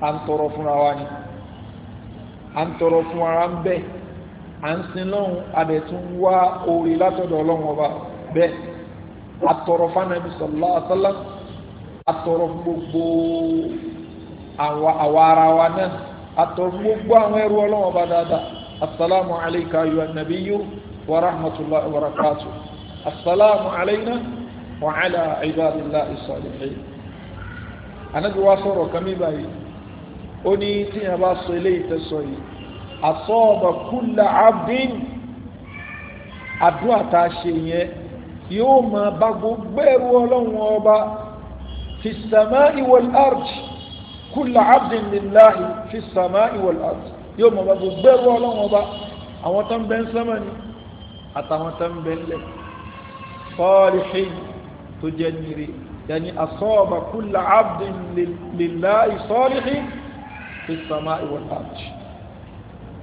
Speaker 1: à ń tọrọ fúnra wa ni à ń tọrọ fún bẹ́ẹ̀ à ń sin lọ́hùn adẹ̀tún wá orí látọ̀dọ̀ ọlọ́wọ́n bá bẹ́ẹ̀ atọrọ fanabi sallallahu alaihi wasallam atọrọ gbogbo àwa ara wa náà atọrọ gbogbo àwọn ẹrú Ọlọ́run bá dáadáa asalaamu alayka ayu anabiyu wa rahmatulahi wa barakatu asalaamu alayna wa ala ibadillahi salihin anabi wa sọ̀rọ̀ kàmi báyìí ó ní tí a bá sọ eléyìí tẹ sọ yìí abdin àdúrà tá a ṣe yóò máa bá gbogbo ẹrú ọlọ́run ọba fi samai wal ardi kula abdin lillahi fi samai wal ardi yóò máa bá gbogbo ẹrú ọlọ́run ọba àwọn tó ń bẹ ń sánmà ni àtàwọn tó ń bẹ ń lẹ̀ salihin tó jẹ́ nire yàní asaba kula abdin lillahi fi samai wal ardi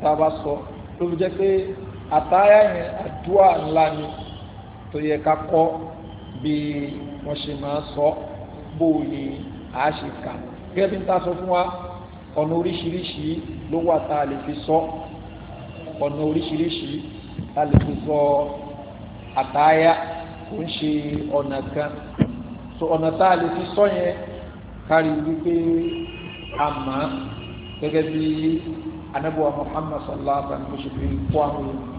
Speaker 1: tá a bá sọ ló fi jẹ́ pé àtàyà yẹn àdúrà ńlá ni tó yẹ ká kọ́ bí wọ́n ṣe máa sọ bó ni a ṣe kà gẹ́gẹ́ bí n ta sọ fún wa ọ̀nà oríṣiríṣi ló wà tá a lè fi sọ ọ̀nà oríṣiríṣi tá a lè fi sọ àtàyà kò ń ṣe ọ̀nà kan so ọ̀nà tá a lè fi sọ yẹn kárí wípé a mọ̀ gẹ́gẹ́ bí anábọ̀wá Muhammad sallallahu alaihi wa sallam ṣe fi kó àwọn ènìyàn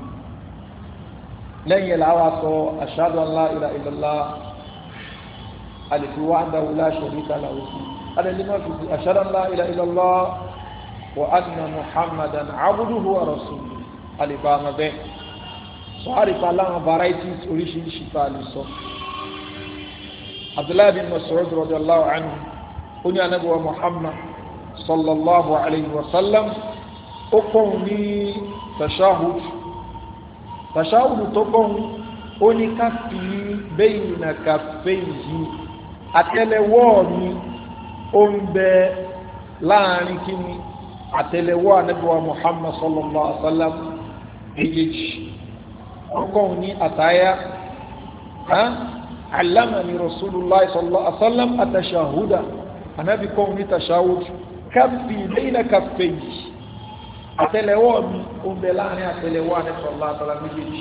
Speaker 1: lẹ́yìn ẹ̀ làwọn sọ ashhadu an la ilaha illallah àlèkú wa wahdahu la sharika lahu àdàlẹ́ máa fi ashhadu an la ilaha illallah wa anna muhammadan abduhu wa rasuluhu àlèkú àmọ́ bẹ́ẹ̀ sọ àlèkú aláwọn varieties oríṣiríṣi tá a lè sọ. abdullahi bin mas'ud radiyallahu anhu ó ní muhammad sallallahu alayhi wa sallam ó kọ́ ní tashahud tàṣáwùdù tó kọ́hún ó ní ká fi bẹ́yìn nà kàfé yìí àtẹ́lẹwọ́ mi ó ń bẹ láàrin kíni àtẹ́lẹwọ́ anábíwá Muhammad sallallahu alaihi wa sallam méjèèjì ọkọ̀hún ní àtàyà alámàní rasulullah sallallahu alaihi wa sallam àtàṣáwùdà anábíkọ́hún ní tàṣáwùdù ká fi bẹ́yìn nà kàfé yìí àtẹ́lẹwọ́ mi ó ń bẹ láàrin àtẹ́lẹwọ́ anẹsọlá àtàlà méjèèjì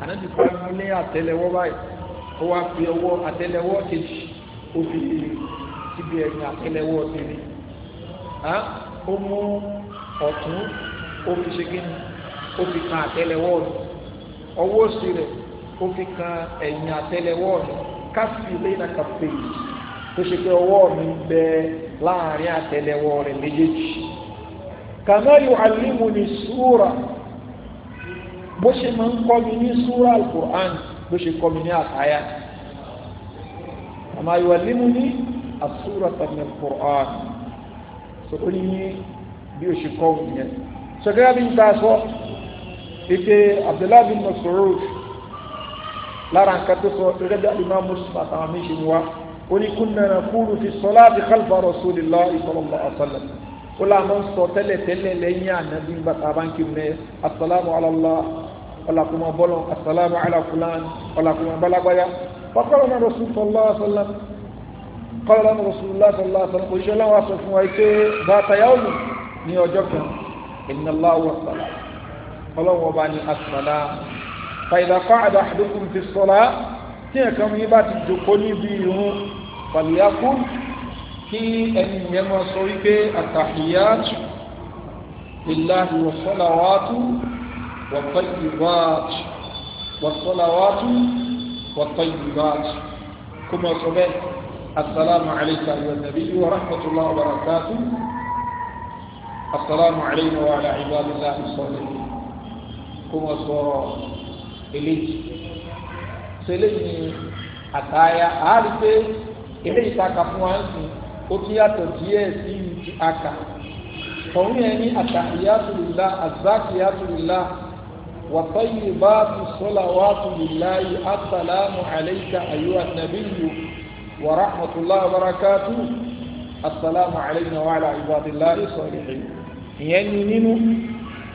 Speaker 1: ànábì fún mi lé àtẹ́lẹwọ́ báyìí ó wá fi ọwọ́ àtẹ́lẹwọ́ kejì ó fi síbi ẹ̀yìn àtẹ́lẹwọ́ tèmi ó mú ọ̀tún ó fi ṣe kíni ó fi kan àtẹ́lẹwọ́ mi ọwọ́ òsì rẹ̀ ó fi kan ẹ̀yìn àtẹ́lẹwọ́ mi káfí lẹ́yìn àkàfẹ́ yìí tó ṣe pé ọwọ́ mi bẹ láàrin àtẹ́lẹwọ́ rẹ̀ méjèèjì kàmá yu'allimuni súra bó ṣe máa ń kọ́ mi ní súra alukur'an bó ṣe kọ́ mi ní àtàyà kàmá yu'allimuni asúra tàbí alukur'an so ó ní bí ó ṣe kọ́ ìyẹn sọgá bí n ta sọ ike abdullahi bin mas'ud lára nǹkan tó sọ gẹ́gẹ́ bí alimami muslim àtàwọn méjì wá ó ní kunna naqulu fi salati khalfa rasulillahi sallallahu alaihi wasallam ó lá máa ń sọ tẹ́lẹ̀tẹ́lẹ̀ lẹ́yìn ànábì bàtà báńkì mẹ́ asalaamu alala ọ̀làkùnmọ̀ bọ́lọ̀ asalaamu alakulan ọ̀làkùnmọ̀ balagbaya fọ́kọ́rọ̀ náà rọ̀sùn sọ́lá sọ́lá kọ́lá náà rọ̀sùn sọ́lá sọ́lá sọ́lá òṣìṣẹ́ láwọn aṣọ fún wa pé bàtà yà òmù ní ọjọ́ kan ìnàlá wọ̀sálà ọlọ́wọ́ bá ní asàlá fàyìlà fáàdà àdókùn fi sọ́lá tí ẹ̀kan mi bá ti jòkó níbi ìrún pàlìyàkùn kí ẹni yẹn máa sọ wípé àtàhíyáàtù lillahi wàsọ́làwátú wàtọ́yìbáàtù wàsọ́làwátú wàtọ́yìbáàtù kó máa sọ bẹ́ẹ̀ assalamu alayka ayyuhan nabiyyu wa rahmatullahi wa barakatuh السلام علينا وعلى عباد الله الصالحين كما صار إليه سلمي أتايا عارفة إليه تاكفوا عنكم ó tún yàtọ̀ díẹ̀ sí ti àkà ọ̀hún yẹn ní àtàkìyàtùlùlá àzákìyàtùlùlá wàtọ́yìnbáàtù sọ́làwàtùlùláyì àsàlámù àlẹ́kà àyíwá nàbíyù wàràhùtùláwà barakátù àsàlámù àlẹ́kà wà àlà ìbàdìlá ìsọ̀rìhìn ìyẹn ní nínú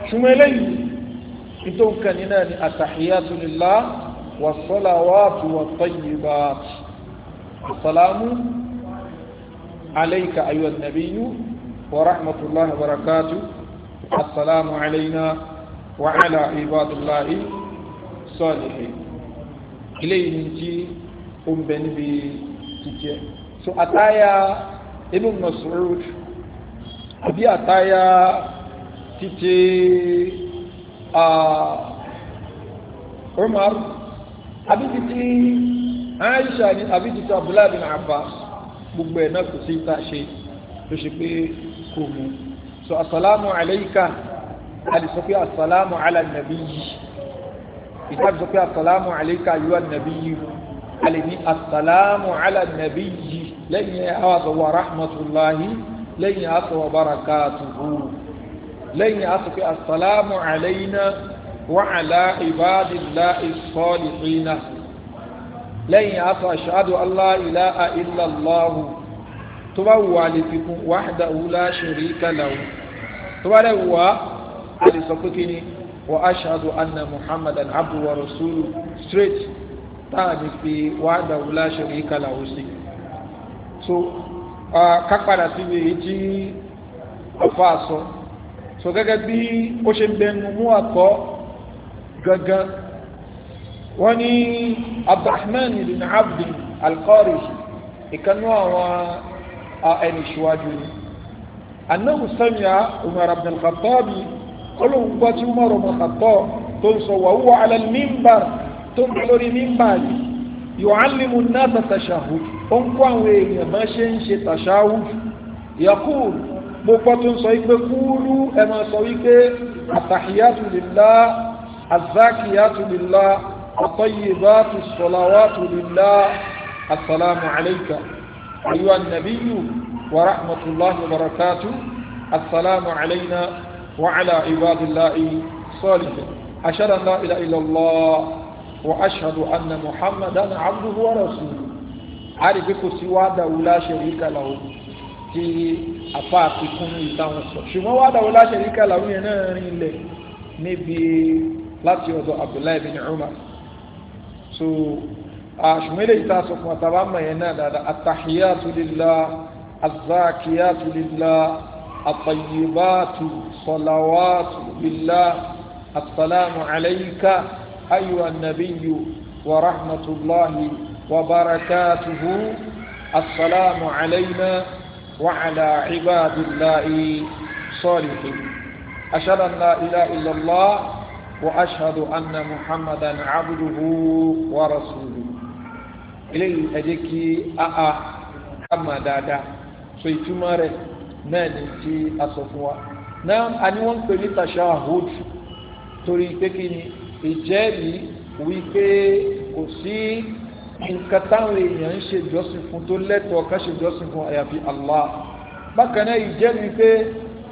Speaker 1: ṣùmẹ́lẹ́yìn ètò nǹkan nínú ni àtàkìyàtùlùlá wàsọ́làwàtù wàtọ́yìnbáàtù àsàlámù عليك أيها النبي ورحمة الله وبركاته السلام علينا وعلى عباد الله الصالحين إليه نتي أم بن بي سو أتايا ابن مسعود أبي أتايا تتي آه عمر أبي تتي عائشة أبي تتي عبد الله بن عباس gbogbo ẹ̀ náà kò sí ta ṣe ló ṣe pé kò mú so asalaamu alayka ali sọ pé asalaamu ala nabi yìí ìtàbí sọ pé asalaamu alayka yuwa nabi yìí ali ní asalaamu ala nabi yìí lẹ́yìn àwọn àtọwọ́ rahmatulahi lẹ́yìn àtọwọ́ barakatuhu lẹ́yìn àtọwọ́ asalaamu alayna wa ala ibadillahi lẹ́yìn afa ashhadu allah ilaha illallah tó bá wù wá lè fi kún wahdahu la sharika lahu tó bá dẹ̀ wù wá a lè sọ pé kí ni wa ashhadu anna muhammadan abdu wa rasulu straight táà ní fi wahdahu la sharika sí so ká síbi èyí tí ọ̀fà sọ so gẹ́gẹ́ bí ó ṣe ń bẹnu mú àkọ́ gangan wọ́n ní abdulrahman bin abdi alqarishi ìkànnú àwọn ẹni ṣíwájú ni anahu samiya umar ibn al-khattab olóhùn gbọ́ tí umar ibn al-khattab tó ń sọ wà wúwo alẹ́ mímbàr tó ń lórí mímbàr yu'allimu an-nasa tashahhud ó ń kó àwọn èèyàn máa ṣe ń ṣe tashahhud yaqul mo gbọ́ tó ń sọ wípé kúlú ẹ máa sọ wípé àtàhíyàtù lillah الطيبات الصلوات لله السلام عليك أيها النبي ورحمة الله وبركاته السلام علينا وعلى عباد الله صالحين أشهد أن لا إله إلا الله وأشهد أن محمدا عبده ورسوله عارف سوى لا شريك له tí apá àfikún ìtàwọn sọ ṣùgbọ́n wà dáwọ́ láṣẹ yíká làwọn yẹn náà rìn lẹ̀ níbi láti ọ̀dọ̀ Abdullahi bin Umar so àṣùmílẹ̀ ah, yìí tá a sọ fún àtàbà mọ̀ yẹn náà dáadáa àtàhíyàtú lillah àzákíyàtú lillah àtàyèbàtú sọ̀làwàtú lillah àsàlámù àlẹ́yíká ayò ànàbíyù ورحمة الله وبركاته السلام علينا وعلى عباد الله صالحين أشهد أن لا إله إلا الله وأشهد أن محمدا عبده ورسوله إليه أجيكي أأ أما دادا سيتمارك náà ní tí a sọ fún wa náà a ní wọ́n ń pè ní tashahud torí pé kí ni ìjẹ́rìí wípé kò sí nǹkan táwọn Allah bákan náà ìjẹ́rìí pé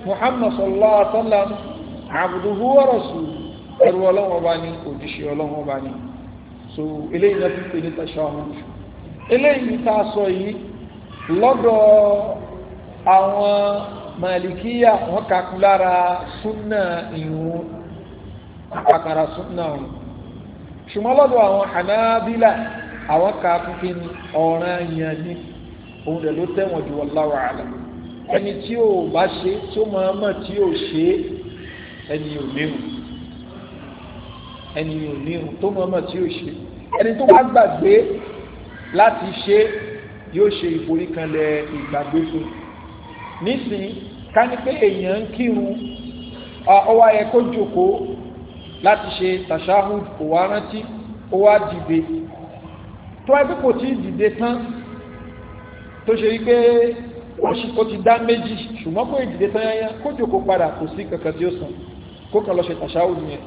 Speaker 1: Muhammad sallallahu alaihi wa sallam abduhu wa rasuluhu ẹrú ọlọ́wọ́ bá ní òjíṣẹ́ ọlọ́wọ́ bá ní so eléyìí náà pípé ní tashahud eléyìí tá a sọ yìí lọ́dọ̀ àwọn màlìkíyà wọ́n kakú lára súnà ìrún àpàkàrà súnà ọ̀run ṣùgbọ́n lọ́dọ̀ àwọn hànábílà àwọn kakú kí ni ọ̀ràn yẹn ní òun rẹ̀ ló tẹ̀wọ̀n jù wallahu a'lam ẹni tí ò bá ṣe tí máa mọ̀ tí ò ṣe ẹni ò léwu ẹni yóò ní irun tó mọ̀ọ́mọ̀ tí yóò ṣe ẹni tó bá gbàgbé láti ṣe yóò ṣe ìforíkanlẹ̀ ìgbàgbé fún nísìnyí ká ní pé èèyàn ń kírun ọwọ́ ayẹ kó jókòó láti ṣe tashahud kò wá rántí ó wá dìde tó wáyé pé kò tí ì dìde tán tó ṣe wípé ó ti dá méjì ṣùgbọ́n kò ì dìde tán yányá kó jókòó padà kò sí kankan tí ó sàn kó kàn lọ ṣe tashahud yẹn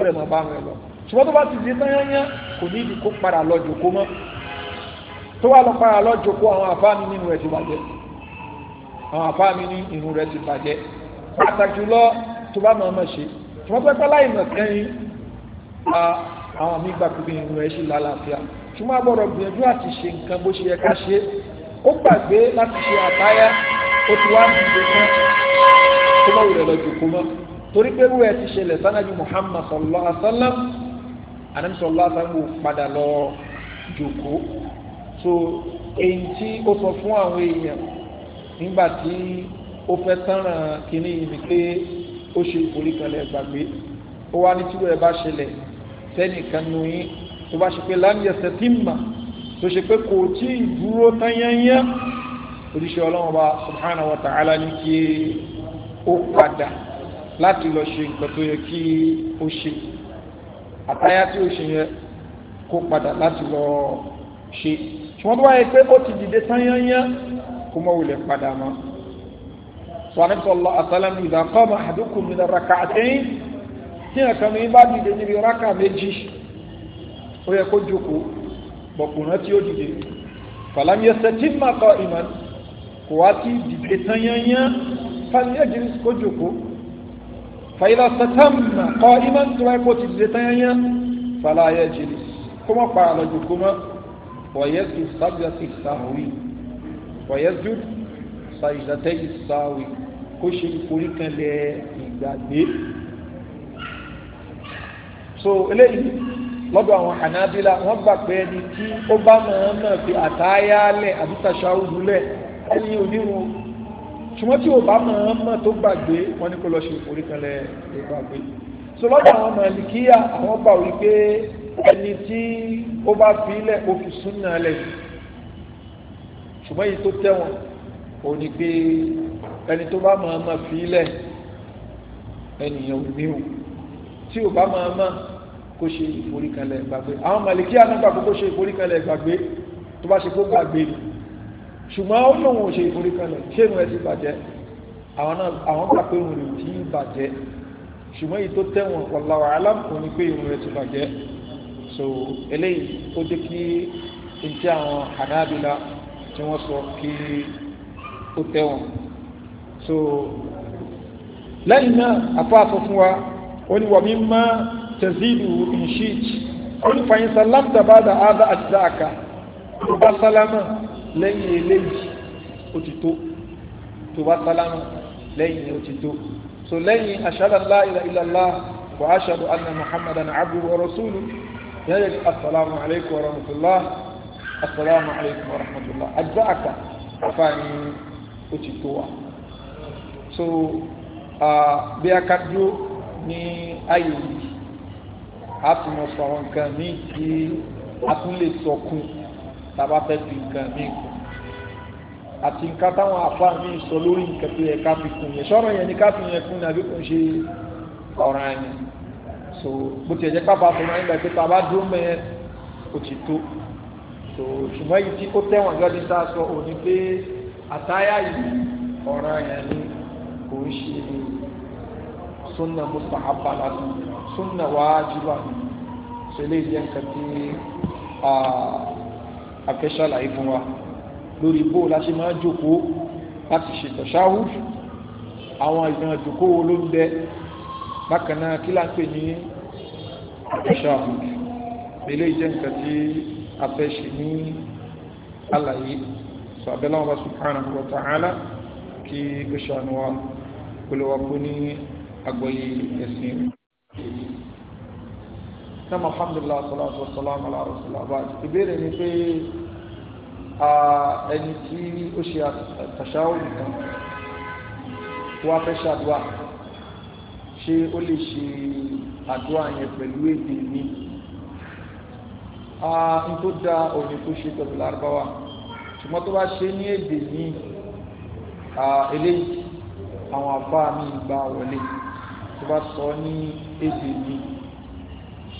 Speaker 1: ó lè máa bá wọn lọ ṣùgbọ́n tó bá ti di tányányá kò ní ìdí kó padà lọ jòkó mọ́ tó wà lọ padà lọ jòkó àwọn àfáà nínú rẹ̀ ti bàjẹ́ àwọn àfáà mi ní ti bàjẹ́ pàtàkì lọ tó bá máa máa ṣe ṣùgbọ́n tó pẹ́ láì mọ̀ kẹ́yìn àwọn mi gbà pípé inú rẹ̀ ṣì lálàáfíà ṣùgbọ́n a gbọ́dọ̀ gbìyànjú àti ṣe nǹkan bó ṣe yẹ ká ṣe ó gbàgbé láti ṣe àtáyá ó ti wá dìde kan tó bá wulẹ̀ torí pé wúwo ẹ ti ṣẹlẹ̀ sanabi muhammad sallallahu alaihi wa sallam anam sallallahu alaihi wa sallam padà lọ jòkó so èyí tí ó sọ fún àwọn èèyàn nígbà tí ó fẹ́ tánràn kínní ni pé ó ṣe ìforíkanlẹ̀ gbàgbé ó wá ní tí wúwo ẹ bá ṣẹlẹ̀ sẹ́nìkan nù yín tó bá ṣe pé láńyẹsẹ̀ tí mà tó ṣe pé kò tí ì dúró tán oríṣi ọlọ́run ọba subhanahu wa ta'ala ni kí ó padà láti lọ ṣe nǹkan tó yẹ kí ó ṣe àtayá tí ó ṣe yẹn kó padà láti lọ ṣe ṣùgbọ́n tó wáyé pé ó ti dìde tán yányán kó mọ́ wulẹ̀ padà mọ́ sọ̀rọ̀ sọ̀lọ́ àtàlámù idha qama ahadukum min rak'atayn tí ẹ̀kan mi bá dìde níbi rákà méjì ó yẹ kó jókòó bọ̀kùnrin tí ó dìde falam yastatimma qa'iman kò wá sí dìde tán yányán fàlẹ́ jìrì kó jókòó fàyílà sàtàmà kọ́ ìmọ̀ tó wáyé kó ti dìde tányányá fàlà ayé jìnnì kó mọ̀ pa àlọ́jù kó mọ̀ wọ̀yẹ́sù sábìlátì sáwì wọ̀yẹ́sù sábìlátì sáwì kó ṣe ìforíkanlẹ̀ ìgbàgbé so eléyìí lọ́dọ̀ àwọn hanabila wọ́n gbà pé ẹni tí ó bá máa ń náà fi àtayá lẹ̀ àbí tàṣà òdúlẹ̀ ẹni onírun ṣùgbọ́n tí o bá máa ń mọ̀ tó gbàgbé wọn ni kò lọ ṣe ìforíkanlẹ̀ lè gbàgbé so lọ́dọ̀ àwọn màlìkíyà àwọn bá wípé ẹni tí ó bá fi ilẹ̀ ó fi súnà lẹ̀ ṣùgbọ́n èyí tó tẹ̀wọ̀n ò ní pé ẹni tó bá máa mọ̀ fi ilẹ̀ ẹnìyàn ò ní o tí o mọ̀ kó ṣe ìforíkanlẹ̀ gbàgbé àwọn màlìkíyà náà gbàgbé kó ṣe ìforíkanlẹ̀ gbàgbé tó bá ṣe kó gbàgbé ni ṣùgbọ́n ó lóun ò ṣe ìforíkanlẹ̀ ṣé inú ẹ ti bàjẹ́ àwọn náà àwọn gbà pé òun rè tí ì bàjẹ́ ṣùgbọ́n èyí tó tẹ̀wọ̀n ọ̀làwà aláǹkó ni pé irun rẹ̀ ti bàjẹ́ so eléyìí ó jẹ́ kí n tí àwọn hanabila tí wọ́n sọ kí ó tẹ̀wọ̀n so lẹ́yìn náà apá fún wa ó ní wàmí má tẹ̀síìlù ìṣíìtì ó ní fàyín sálámù tàbádà ádá àti dáàkà ó bá sálámù lẹ́yìn eléyìí ó ti tó tó bá sálámù lẹ́yìn ó ti tó so lẹ́yìn ashhadu an la ilaha illallah wa ashhadu anna muhammadan abduhu wa rasuluhu yẹ́rẹ́ ni assalamu alaykum wa rahmatullah assalamu alaykum wa rahmatullah ajza'aka afáàní ó ti tó wa so bí a ká dúró ní ayé yìí a tún mọ̀ sọ àwọn nǹkan míì tí a tún lè sọ kún tàbá fẹ́ fi nǹkan míì kù àti nǹkan táwọn àfa mi sọ lórí nǹkan tó yẹ ká fi kún yẹn sọ̀rọ̀ yẹn ni ká fi yẹn kún ní àbí kò ṣe ọ̀ràn yẹn so bó tiẹ̀ jẹ́ pápá fún wọn nígbà pé tàbá dúró mẹ́ẹ̀ kò ti tó so ṣùgbọ́n yìí tí ó tẹ̀wọ̀n gbọ́dọ̀ sá sọ òní pé àtáyà yìí ọ̀ràn yẹn ni kò ń ṣe sunna mustahaba lásán sunna wàá jùlọ àná so eléyìí jẹ́ afẹ́ṣàlàyé fún wa lórí bó láti máa jókòó láti ṣètò ṣáwùdù àwọn ìdàn ìdókòwò ló ń bẹ bákan náà kí láǹpẹ ní afẹ́ṣàwùdù eléyìí jẹ́ nǹkan tí afẹ́ṣe ní àlàyé sọ abẹ́lá wọn bá subhanahu wa ta'ala kí ó ṣàánú wa kó lè wá ní àgbọ́yé ẹ̀sìn rẹ̀ sẹ́mu alhamdulilah salatu wa salam ala rasulillah wa ìbéèrè ni pé ẹni tí ó ṣe àtàṣáwò nìkan wá fẹ́ ṣàdúrà ṣé ó lè ṣe àdúrà yẹn pẹ̀lú èdè mi n tó da òní tó ṣe pẹ̀lú lárúbáwá ṣùgbọ́n tó bá ṣe ní èdè mi eléyìí àwọn àbá mi gbà wọlé tó bá sọ ní èdè mi.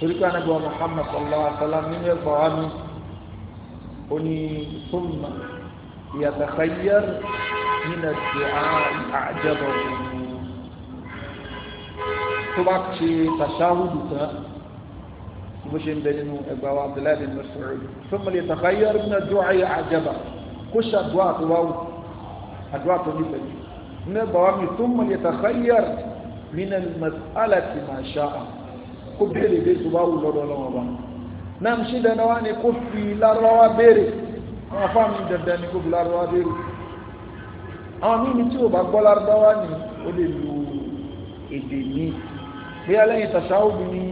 Speaker 1: torípé anábì wa Muhammad sallallahu alaihi wa sallam nínú ẹ̀fọ́ wa mi ó ní fúnma yàtàkàyẹ́r nínú ẹ̀dùn àjẹbọ̀ tó bá ṣe tàṣáhùdù tán bó ṣe ń bẹ nínú ẹgbà wa Abdullahi bin Mas'ud fúnma yàtàkàyẹ́r nínú ẹ̀dùn àjẹbọ̀ kó ṣàdúrà tó wá wù àdúrà tó nífẹ̀ẹ́ jù nínú ẹgbà wa mi tó mọ̀ yàtàkàyẹ́r nínú ẹ̀dùn àjẹbọ̀ kó béèrè lé tó bá wù lọ́dọ̀ lọ́wọ́ bá náà ṣe dandan wá ní kó fi lárúbáwá béèrè àwọn afá mi dandan ní kó fi lárúbáwá béèrè àwọn mímu tí o bá gbọ́ lárúbáwá ni ó lè lo èdè míì bóyá lẹ́yìn tàṣáwùbù ni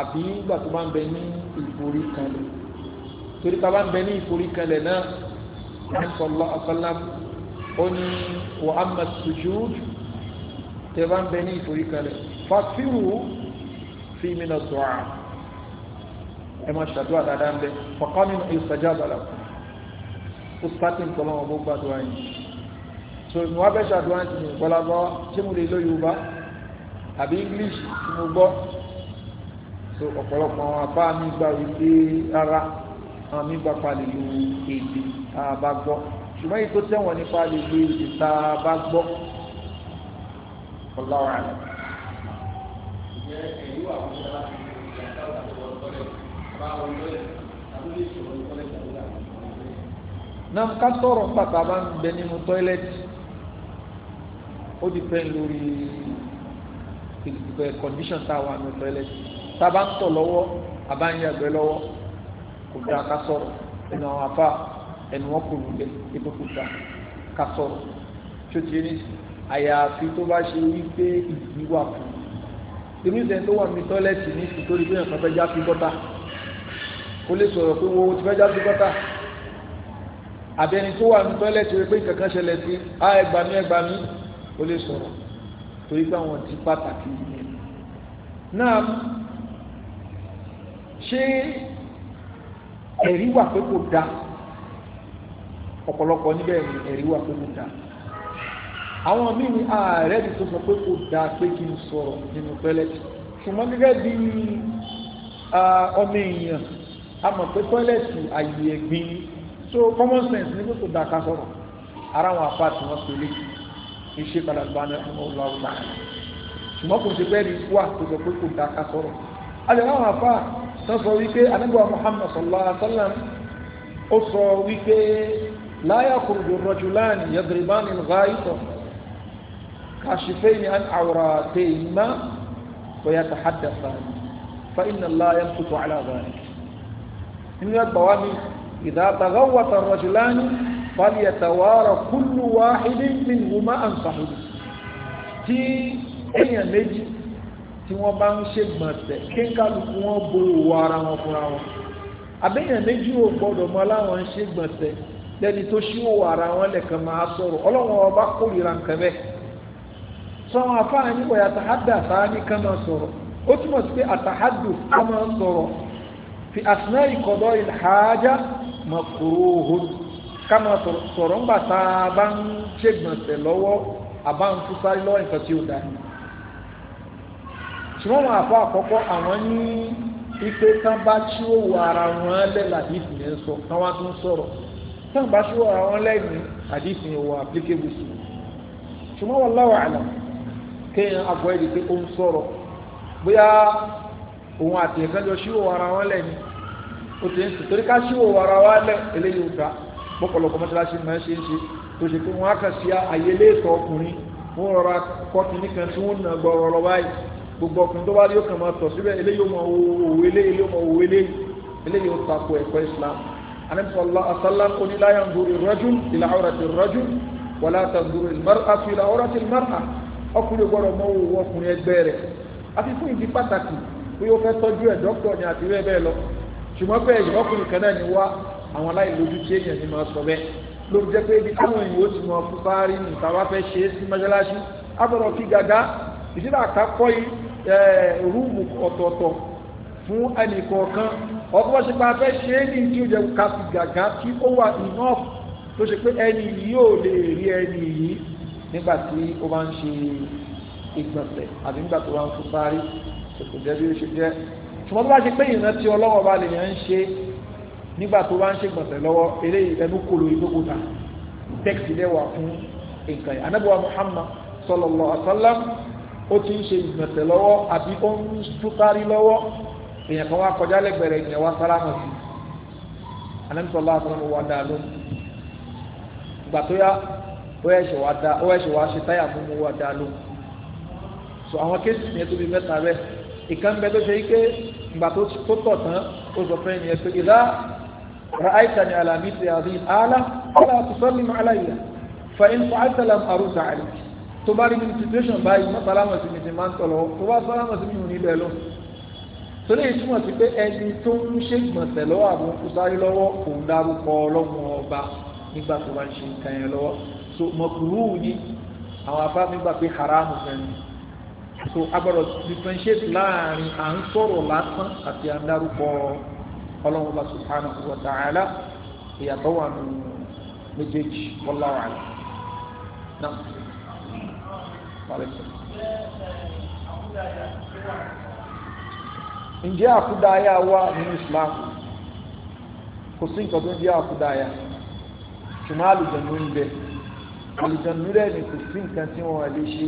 Speaker 1: àbí ìgbà tó bá ń bẹ ní ìforí kan lẹ̀ torí ká bá ń bẹ ní ìforí kan lẹ̀ náà ní sọlá ọ̀sánlá ó ní wàhámà sùjúd tẹ bá ń bẹ ní ìforí kan lẹ̀ fàfíwù fi mí lọ sọ àrùn ẹ máa ṣàdúrà dáadáa ń bẹ fọkọ nínú ìṣàjà àbàlà ó sátìn kọ́ lọ́wọ́ bó gbàdúrà yìí so ní wọ́n bẹ́ ṣàdúrà ní ìsìn ìgbọ́lágbọ́ tí mo lè lo Yorùbá àbí English tí mo gbọ́ so ọ̀pọ̀lọpọ̀ àwọn apá mi gba wípé rárá àwọn mi gba palè lu èdè tá a bá gbọ́ ṣùgbọ́n èyí tó tẹ̀wọ̀n nípa lè lo èdè tá a bá gbọ́ ọ̀làwọ̀ àná na ká tọrọ pàtà bá ń bẹ nínú tọ́ílẹ̀tì ó di pẹ́ lórí ìgbẹ́ kọ́ndíṣọ̀n tá a wà nínú tọ́ílẹ̀tì tá a bá ń tọ̀ lọ́wọ́ a bá ń yàgbẹ́ lọ́wọ́ kò dáa ká sọ̀rọ̀ ẹnu àwọn afá ẹnu wọn kò lulẹ̀ epo kò dáa ká sọ̀rọ̀ tí ó ti ní tó bá ṣe wípé ìdí wà fún tèmi sẹ́ni tó wà ní tọ́lẹ́tì ní ìtòrí pé nǹkan fẹ́ já sí bọ́tà kó lè sọ̀rọ̀ pé wo ti fẹ́ já sí bọ́tà àbí ẹni tó wà ní tọ́lẹ́tì rẹ pé kankan ṣẹlẹ̀ sí a ẹgbà mí ẹgbà mí kó lè sọ̀rọ̀ torí pé àwọn ti pàtàkì yìí náà ṣé ẹ̀rí wà pé kò dáa ọ̀pọ̀lọpọ̀ níbẹ̀ ẹ̀rí wà pé kò dáa àwọn míì ní ààrẹ ti tó sọ pé kò dáa pé kí n sọ̀rọ̀ nínú tọ́lẹ̀tì ṣùgbọ́n gẹ́gẹ́ bí ah, ọmọ èèyàn a mọ̀ pé tọ́lẹ̀tì àyè ẹ̀gbin so common sense ní pé kò dáa ká sọ̀rọ̀ ara wọn apá tí wọ́n pèlè iṣẹ́ padà gba ọmọ ọlọ́wọ́ náà ṣùgbọ́n kò ṣe bẹ́ẹ̀ ni wà tó sọ pé kò dáa ká sọ̀rọ̀ alẹ́ àwọn apá tó sọ wípé anábọ̀ Muhammad sallallahu alaihi wa sallam ó sọ wípé láyà kùrùdù rọ̀jùláàni yadribani al-ghayta كاشفين عن عوراتهما ويتحدثان فإن الله يسكت على ذلك إن الضوابط إذا تغوط الرجلان فليتوارى كل واحد منهما عن صاحبه tí èèyàn méjì tí wọ́n bá ń ṣègbọ̀nsẹ̀ kíkálukú wọn bo òwò ara wọn fúnra wọn àbẹ́yàn méjì ò gbọ́dọ̀ mọ aláwọn ń ṣègbọ̀nsẹ̀ lẹ́ni tó ṣí òwò ara wọn lẹ́kan máa sọ̀rọ̀ ọlọ́wọ́n ọba kórìíra nǹkan bẹ́ẹ̀ sọ àwọn afáà ní wọ̀nyí àtàhádà sáà ní ká máa sọ̀rọ̀ ó túmọ̀ sí pé àtàhádù ká máa sọ̀rọ̀ fi àsìná ìkọ̀dọ̀ ìlhàájá mọ̀kòròhó ká máa sọ̀rọ̀ ńgbà tá a bá ń ṣègbọ̀nsẹ̀ lọ́wọ́ àbá ń fún sáré nǹkan tí ó dá ní. ṣùgbọ́n àwọn àfọ àkọ́kọ́ àwọn ní ipe tán bá ṣíwòwò ara wọn lẹ́ làdíìsì yẹn sọ tán wá tún sọ̀rọ̀ tán bá ṣíwòwò ara wọn lẹ́yìn àdíìsì yẹn wọ àplíkébù sí. ṣùgbọ́n wallahu a'lam kéèyàn àgọ́ ẹ̀dì pé ó ń sọ̀rọ̀ bóyá òun àti ẹ̀kan jọ ṣíwò ara wọn lẹ̀ ni ó ti ń sùn torí ká ṣíwò ara wa lẹ̀ eléyìí ò dá pọ̀pọ̀lọpọ̀ mọ́ṣáláṣí máa ń ṣe ń ṣe tó ṣe pé wọ́n á kà sí àyè iléetọ̀ ọkùnrin wọ́n rọra kọ́ kínní kan tí wọ́n nà gbọ́rọ̀ báyìí gbogbo ọkùnrin tó bá rí ó máa tọ̀ síbẹ̀ eléyìí ó máa wò eléyìí ó máa wò eléyìí eléyìí ó takò ẹ̀kọ́ Islam anamisọlá asálá oníláyà ń dúró ìlà ọ̀rọ̀ ti rọ́jú wàlá tàdúró ìmọ̀ràn àti ìlà ọ̀rọ̀ ti ìmọ̀ràn ọkùnrin gbọ́dọ̀ mọ owó ọkùnrin ẹgbẹ́ rẹ̀ àti fún ìdí pàtàkì pé ó fẹ́ tọ́jú ẹ̀ dọ́kítọ̀ ni àti bẹ́ẹ̀ bẹ́ẹ̀ lọ ṣùgbọ́n bẹ́ẹ̀ yìí ọkùnrin kan náà ni wá àwọn aláìlójú tí èèyàn ni máa sọ bẹ́ẹ̀ ló fi jẹ́ pé ibi táwọn èèyàn ó ti mọ fún fáárí ní ìta wá fẹ́ ṣe é sí mọ́ṣáláṣí abọ̀rọ̀ fi gàgá ìdílé àkàkọ́ yìí rúùmù ọ̀tọ̀ọ̀tọ̀ fún ẹnì kọ̀ọ̀kan ọkọ̀ ṣe pa fẹ́ ṣe é ní tí ó jẹ́ ká fi gàgá tí ó wà enough tó ṣe pé ẹni yìí ò lè rí ẹni yìí nígbà tí ó bá ń ṣe ìgbọ̀nsẹ̀ àbí nígbà tó bá ń fún parí kò jẹ́ bí ó ṣe jẹ́ ṣùgbọ́n tó bá ṣe pé ìrántí ọlọ́wọ́ bá lè yàn ń ṣe nígbà tó bá ń ṣe gbọ̀nsẹ̀ lọ́wọ́ eléyìí ẹnu kolo ìdókòtà tẹ́kìtì lẹ́wà fún nǹkan yìí anábíwá Muhammad sallallahu alaihi ó ti ń ṣe ìgbọ̀nsẹ̀ lọ́wọ́ àbí ó ń túkárí lọ́wọ́ èèyàn kan wá kọjá lẹ́gbẹ̀rẹ̀ ìyẹn wá sálámà sí anábíwá sallallahu alaihi wasallam wà dáa lónìí ìgbà tó yá ó ẹ̀ṣẹ̀ wá da ó ẹ̀ṣẹ̀ wá ṣe táyà fún mi wá da ló so àwọn kéésì yẹn tó bí mẹ́ta rẹ̀ ìkan bẹ tó ṣe ike ìgbà tó tọ̀ tán ó sọ fún yẹn pé ìlà ra àìsàn ní àlàmì ti àrí àlà kọ́lá tó sọ́ọ́ nínú aláìyá fa in àìsàlám àrùn dàrí tó bá rí ní situation báyìí má sálámà sí mi ti máa ń tọ̀ lọ́wọ́ tó bá sálámà sí mi ò ní bẹ́ẹ̀ lọ torí ìtumọ̀ sí pé ẹni tó ń ṣe gbọ̀nsẹ̀ lọ́wọ́ àwọn kúsáré lọ́wọ́ òun dárúkọ ọlọ́run ọba nígbà tó bá ń ṣe nǹkan yẹn lọ́wọ́ so makruhu ni àwọn afáàmì gbà pé haramu fẹ́ ni so agbọ́dọ̀ differentiate láàrin à ń sọ̀rọ̀ lásán àti à ń dárúkọ ọlọ́run bá subhanahu wa ta'ala ìyàtọ̀ wà nù méjèèjì wallahu a'lam
Speaker 2: náà wàlẹ̀ sọ.
Speaker 1: ǹjẹ́ àkúdáyà wà nínú Islam kò sí nǹkan tó ń jẹ́ àkúdáyà ṣùgbọ́n àlùjẹ̀ ló ń bẹ̀ẹ́ àlùjànnú ni kò sí nǹkan tí wọ́n lè ṣe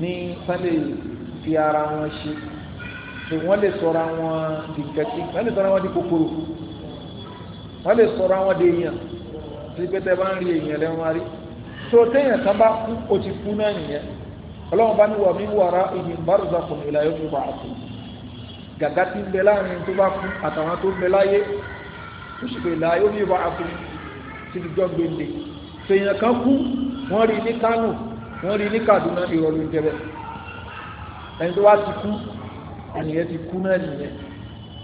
Speaker 1: ní sunday fi ara wọn ṣe pé wọ́n lè sọ̀rọ̀ àwọn dìkẹ́tì wọ́n lè sọ̀rọ̀ àwọn di kòkòrò wọ́n lè sọ̀rọ̀ àwọn di èèyàn tí pété bá ń rí èèyàn lẹ́wọ̀n rí tó téèyàn kan bá kú ó ti kú náà nìyẹn ọlọ́run bá ní wà mí wàrà ìyí bárùsà kùn ìlà yóò fi bàá gàgá tí ń bẹ láàrin tó bá kú àtàwọn tó ń bẹ láyé ó sì pé ìlà yóò fi bàá kù sí ìjọ sèèyàn kan kú wọ́n rí ní Kánò wọ́n rí ní Kaduna ìrọ̀lù ìjẹ̀bẹ̀ ẹni tó wá ti kú ẹnìyẹn ti kú náà nìyẹn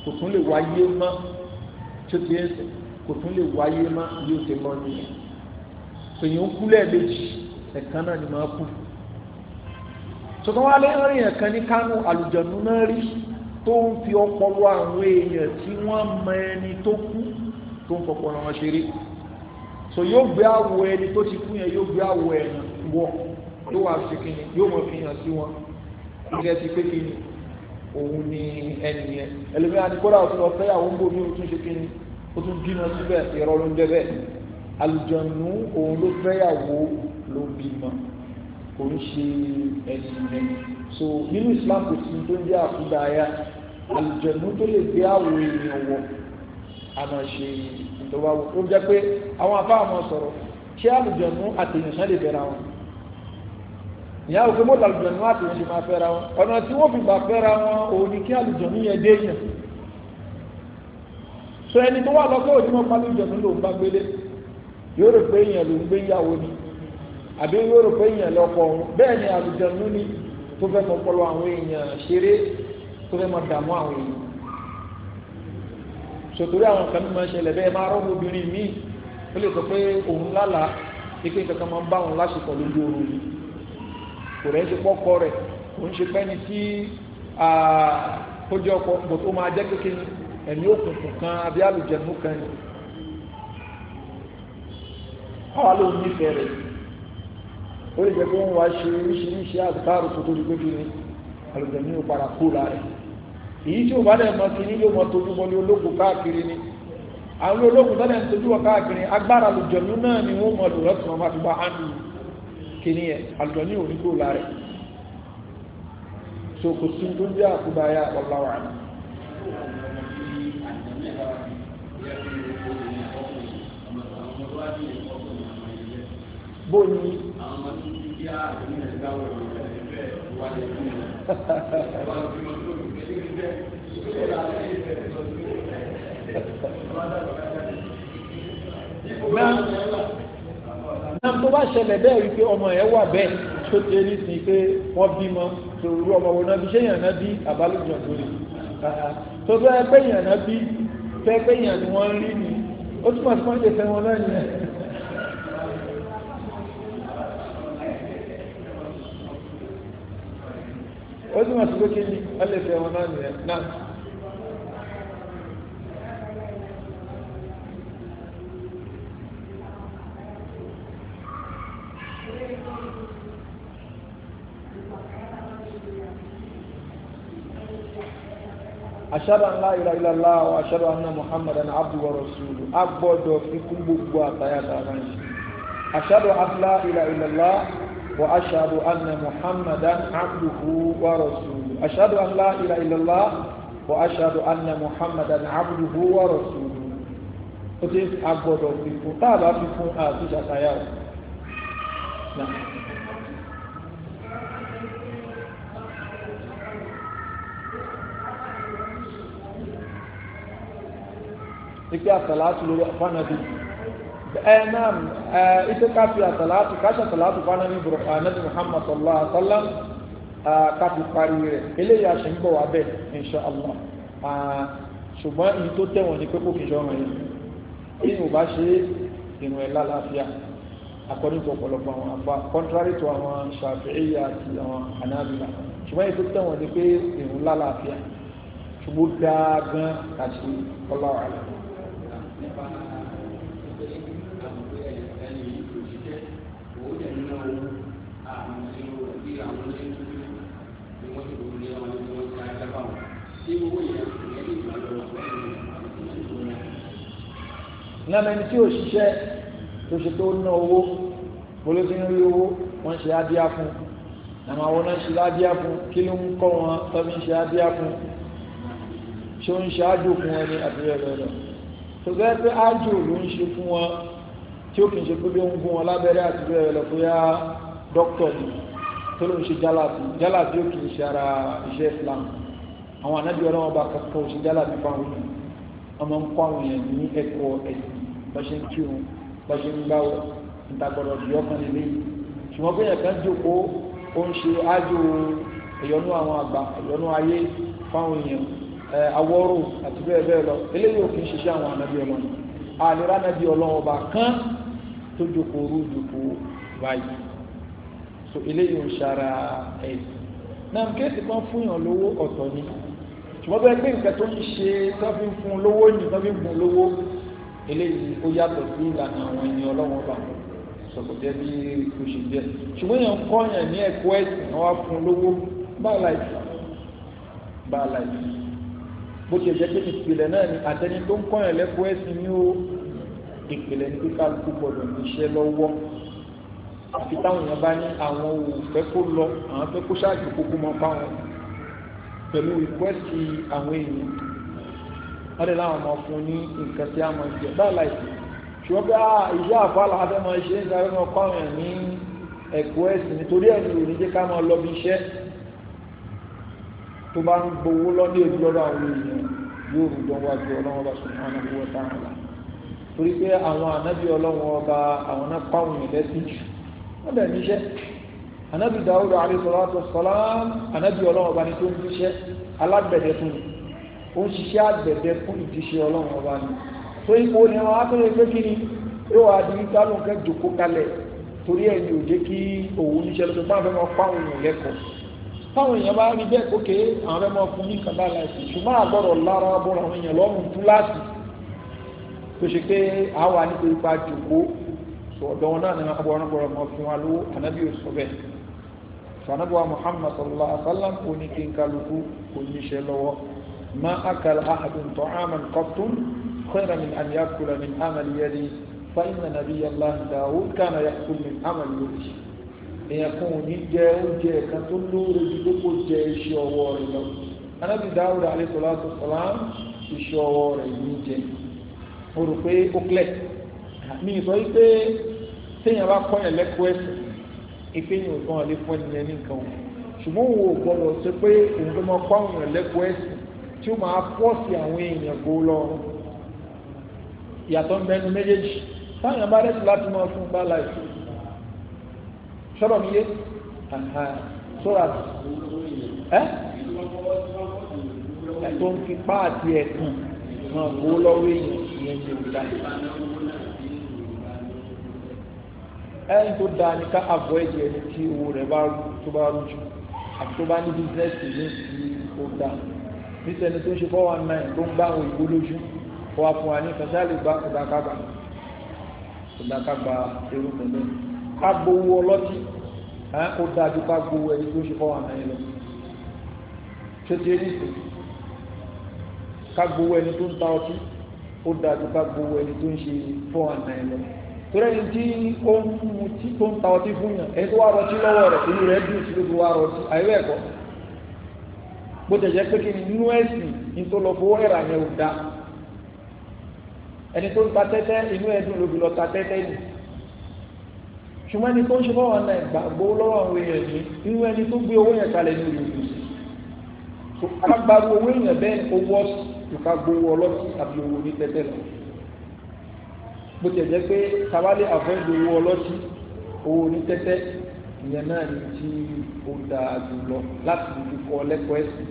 Speaker 1: kò tún lè wáyé mọ́ tó ti ẹsẹ̀ kò tún lè wáyé mọ́ yóò ti mọ́ nìyẹn sèèyàn kú lẹ́ẹ̀mejì ẹ̀kan náà ni máa kú sọ̀tàn wálé rìn ẹ̀kan ní Kánò àlùjọ̀nù náà rí tó ń fi ọpọlọ àwọn èèyàn tí wọ́n mọ ẹni tó kú tó ń fọpọlọ wọn ṣeré so yóò gbé àwọ̀ ẹni tó ti kú yẹn yóò gbé àwọ̀ ẹ̀yàn wọ̀ tó wà sí kìíní yóò mọ̀ fi hàn sí wọn ilẹ̀ ti pé kìíní òun ni ẹni yẹn ẹlòmíràn ni kódà òtún ọ̀fẹ́ yàwó ń bomi òtún ṣe kìíní ó tún bímọ síbẹ̀ ìrọ̀ ló ń jẹ́ àlùjọ̀nù òun ló fẹ́ yàwó ló bímọ kò ń ṣe ẹni yẹn so nínú Islam kò sí tó ń jẹ́ àkúdàáyà àlùjọ̀nù tó lè gbé àwọ̀ ènìyàn wọ̀ tó wá wò ó jẹ́ pé àwọn afáàmọ́ sọ̀rọ̀ ṣé àlùjọ̀nù àtẹ̀yìnṣẹ́ lè bẹ̀rẹ̀ àwọn ìyá òfin mọ́tò àlùjọ̀nù àtẹ̀yìn lè máa fẹ́ra wọn ọ̀nà tí wọ́n fi gbà fẹ́ra wọn òun ni kí àlùjọ̀nù yẹn dé yàn so ẹni tó wà lọ́kọ́ òjì mọ́ pálíjọ̀nù ló ń bá gbélé yóò rò pé èèyàn ló ń gbé ìyàwó ni àbí yóò rò pé èèyàn lọ́kọ̀ òun bẹ́ẹ̀ ni àlùjọ̀nù ni tó fẹ́ mọ́ pọlọ àwọn èèyàn ṣeré tó fẹ́ mọ́ dààmú àwọn èèyàn sòtòrí àwọn kan máa ń ṣẹlẹ̀ bẹ́ẹ̀ máa rọ́ọ̀mù obìnrin míì ó lè sọ pé òun lálàá ike kankan máa ń bá òun láṣepọ̀ lójú oorun yìí kò rẹ̀ ń ṣe pọ́kọ rẹ̀ kò ń ṣe pẹ́ni tí ó jẹ́ ọkọ bò tó máa jẹ́ kékeré ẹ̀mí òkùnkùn kan àbí àlùjẹ̀mú kan ni àwa ló ń nífẹ̀ẹ́ rẹ̀ ó lè jẹ́ pé wọ́n wá ṣe oríṣiríṣi àgbáàrò tó tó di pé kí ni àlùjẹ̀mú padà kú lára rẹ̀ èyí tí ò bá dẹ̀ mọ́ sí ní yóò mọ́ tójú bọ́ ní ológun káàkiri ni àwọn ológun tọ́lẹ̀ ń tójú bọ́ káàkiri agbára àlùjọ̀nú náà ni wọ́n mọ̀ lòrọ̀ tí wọ́n máa fi bá hàndù kìíní ẹ̀ àlùjọ̀nú ò ní kúrò láàrẹ̀ so kò sí tó jẹ́ àkúdáyà ọláwà ni.
Speaker 2: bóyí àwọn ọmọdé ti bí náà tó bá ṣẹlẹ̀ bẹ́ẹ̀ wípé ọmọ ẹ̀ wà bẹ́ẹ̀
Speaker 1: tó ti rí sí pé wọ́n bímọ tòrú ọmọ wọn náà bí ṣé yànnà bí àbálòjọ tó rí tó bẹ́ẹ̀ pé yànnà bí fẹ́ pé yànnà ni wọ́n ń rí ni ó túmọ̀ sí wọ́n ṣe fẹ́ wọn náà nìyẹn.
Speaker 2: ó sì máa sọ kí ni wọ́n lè fẹ́ wọn náà nìyẹn náà.
Speaker 1: ashadu an la ilaha illallah wa ashadu anna muhammadan abdu wa rasulu agbọ́dọ̀ fi kún gbogbo àtàyà tààrà ń ṣe ashadu an la ilaha illallah وأشهد أن محمدا عبده ورسوله أشهد أن لا إله إلا الله وأشهد أن محمدا عبده ورسوله ó ti agbọ́dọ̀ fi fún tá a bá fi fún àti ṣàtàyà o.
Speaker 2: ipe àtàlà àti lórí àfánàbí. Eh, naam ita
Speaker 1: ká fi àtàlátù ká ṣàtàlátù fáná ní burúkú nabi muhammad sallallahu alaihi wa sallam ah, ká fi parí rẹ̀ eléyìí àṣẹ ń bọ̀ wá bẹ́ẹ̀ insha allah ah, ṣùgbọ́n ní tó tẹ̀wọ̀n ni pé kó fi ṣọ́run yẹn bí mo bá ṣe ìrìn ẹ̀ lálàáfíà according to ọ̀pọ̀lọpọ̀ àwọn afa contrary to àwọn ṣàfihàn àti àwọn anábìlà ṣùgbọ́n èyí tó tẹ̀wọ̀n ni pé ìrìn lálàáfíà ṣùgbọ́n dáa gan àti ọlọ́run ìyá mẹni tí ò ṣiṣẹ́ tó ṣe tó ná owó polóṣe ń rí owó wọ́n ṣe ádíá fún àmọ́ àwọn náà ṣe ádíá fún kí ló ń kọ́ wọn tọ́bí ń ṣe ádíá fún ṣé ó ń ṣe ájò fún ẹni àbúrò rẹ̀ lọ tó bẹ́ẹ̀ pé ájò ló ń ṣe fún wọn tí ó kì í ṣe pé bí ń gún wọn lábẹ́rẹ́ àtúbẹ̀ rẹ̀ lọ dókítọ̀ ni tó ló ń ṣe jálàbí jálàbí ó kì í ṣe ara iṣẹ́ Islam àwọn anábìyàn náà wọn bá kọ́kọ́ ṣe jálàbí fáwọn ọmọ ń kọ́ àwọn ní ẹ̀kọ́ ẹ̀sìn bọ́ṣe ń kírun bọ́ṣe ń gbáwọ́ ìtagbọ̀dọ̀ bí ọkàn nílé ṣùgbọ́n bí ẹ̀kan jókòó ó ń ṣe ájò ìyọnú àwọn àgbà ìyọnú ayé fáwọn èèyàn awọ́rò àti bẹ́ẹ̀ bẹ́ẹ̀ lọ eléyìí ò kí ń ṣiṣẹ́ àwọn ànábì ọlọ́run àlera ànábì ọlọ́run ọba kan tó jókòó rú jókòó báyìí so eléyìí ò ń ṣara ẹ̀ náà kéèsì kan fún yàn lówó ọ̀tọ̀ ni ṣùgbọ́n bẹ́ẹ̀ pé nǹkan tó ń ṣe tó fi ń fún lówó ni tó fi ń fún lówó eléyìí ó yàtọ̀ sí ìlànà àwọn ẹni ọlọ́wọ́n bá sọ̀tọ̀ jẹ́ bí o ṣe jẹ́ ṣùgbọ́n yẹn ń kọ́ yẹn ní ẹ̀kọ́ ẹ̀sìn wọn á fún lówó báà láìsí báà láìsí bó ṣe jẹ́ pé ìpìlẹ̀ náà ni àtẹni tó ń kọ́ yẹn lẹ́kọ́ ẹ̀sìn ní ó ìpìlẹ̀ ní kíkálukú gbọdọ̀ níṣẹ́ lọ́wọ́ àfi táwọn èèyàn bá ní àwọn ò kó lọ àwọn fẹ́ kó ṣáàjì kókó mọ́ fáwọn pẹ̀lú ìkọ́ ẹ̀sìn àwọn èèyàn wọ́n lè láwọn ọmọ fún ní nǹkan tí a mọ̀ jẹ báyìí láìsí ṣùgbọ́n pé ah, ìyá àfàlà abẹ́mọ̀ ṣe ń sáré wọn kọ́ àwọn ní ẹ̀kọ́ ẹ̀sìn nítorí ẹ̀mí ò ní jẹ́ ká máa lọ bí iṣẹ́ tó bá ń gbowó lọ́dí ojú ọ̀rọ̀ àwọn èèyàn yóò rú dán wájú ọlọ́wọ́ bá sùn àwọn ọmọ ọ̀tá wọn la torí pé àwọn ànábì ọlọ́wọ́ ọba àwọn náà pàwọn ìlẹ́ sí jù wọ́n dẹ̀ níṣẹ́ ànábì Dáúdà alayhi salatu wassalam ànábì ọlọ́wọ́ ọba ní tó ń níṣẹ́ alágbẹ̀dẹ tó ní ó ń ṣiṣẹ́ àgbẹ̀dẹ fún ìdíṣẹ́ ọlọ́run ọba ni tó ipò ní wọn á tọ́lẹ̀ pé kí ni yóò wá di níta ló ń kẹ́ jòkó kalẹ̀ torí ẹ̀ ní ò jẹ́ kí òun níṣẹ́ lọ́sọ fún àfẹ́mọ́ fáwọn èèyàn lẹ́kọ̀ọ́ fáwọn èèyàn bá rí bẹ́ẹ̀ kókè àwọn afẹ́mọ́ fún ní kàbá láìsí ṣùgbọ́n àgbọ̀rọ̀ lára bọ́ra àwọn èèyàn lọ́rùn tú láti tó ṣe pé àwa nítorí pa jòkó ọ̀dọ̀ náà ní kí n ما أكل أحد طعاما قط خير من أن يأكل من عمل يدي فإن نبي الله داود كان يأكل من عمل يدي يكون يجا وجا كتلو رجلك وجا يشوار له النبي داود عليه الصلاة والسلام يشوار يجا orùpé ó klẹ̀ mi sọ yìí pé téèyàn bá kọ́ yẹn lẹ́kọ̀ọ́ ẹ̀sìn ìpè yìí ò tán àlè fún ẹnìyẹn nìkan ṣùgbọ́n wo gbọ́dọ̀ ṣe pé òun tó máa kọ́ àwọn yẹn lẹ́kọ̀ọ́ ẹ̀sìn tí ó máa fọ́ọ̀sì àwọn èèyàn gbó lọ ìyàtọ̀ mẹ́nu méjèèjì táwọn bá rẹ́sì láti máa fún bá láìsí sọ́rọ̀ mi yé sọ́ra ẹ́ tó ń fi páàtì ẹ̀kùn máa gbó lọ́wọ́ èèyàn ìyẹn ti rí dáa ẹni tó dáa ní ká àbọ̀ ẹ̀jẹ̀ ẹni tí owó rẹ̀ bá rú tó bá rú jù àti tó bá ní bísíǹsì ní ti ó dáa nítorí ẹni tó ń ṣe four one nine tó ń bá àwọn ìbò lójú fọwọ́ fún wa ní kàṣálì gba kòdàkàgbà kòdàkàgbà irú pẹ̀lú ká gbowó ọlọ́tí ó dájú ká gbowó ẹni tó ń ṣe four one nine lọ ṣé ẹni sè ká gbowó ẹni tó ń ta ọtí ó dájú ká gbowó ẹni tó ń ṣe four one nine lọ torí ẹni tí ó ń ta ọtí fún yàn ẹni tó wá rọtí lọ́wọ́ rẹ̀ bó tẹ̀ jẹ́ pé kí ni nínú ẹ̀sìn ní tó lọ fowó ẹ̀rà yẹn ò da ẹni tó ń ta tẹ́tẹ́ inú ẹ̀dùn ló fi lọ ta tẹ́tẹ́ nì ṣùgbọ́n ẹni tó ń ṣe fọwọ́ náà gbàgbó lọ́wọ́ àwọn èèyàn ní inú ẹni tó gbé owó yẹn kalẹ̀ ní olùkù tó agbára owó èèyàn bẹ́ẹ̀ owó ìka gbowó ọlọ́tí àbí owó ní tẹ́tẹ́ lọ bó tẹ̀ jẹ́ pé tawálé àfẹ́ ìyẹn náà ni tí ó dáa jùlọ láti fi kọ́ lẹ́kọ̀ọ́ ẹ̀sìn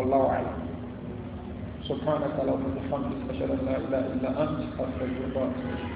Speaker 1: ọ̀làwà yìí سبحانك اللهم وبحمدك اشهد ان لا اله الا انت استغفرك واتوب اليك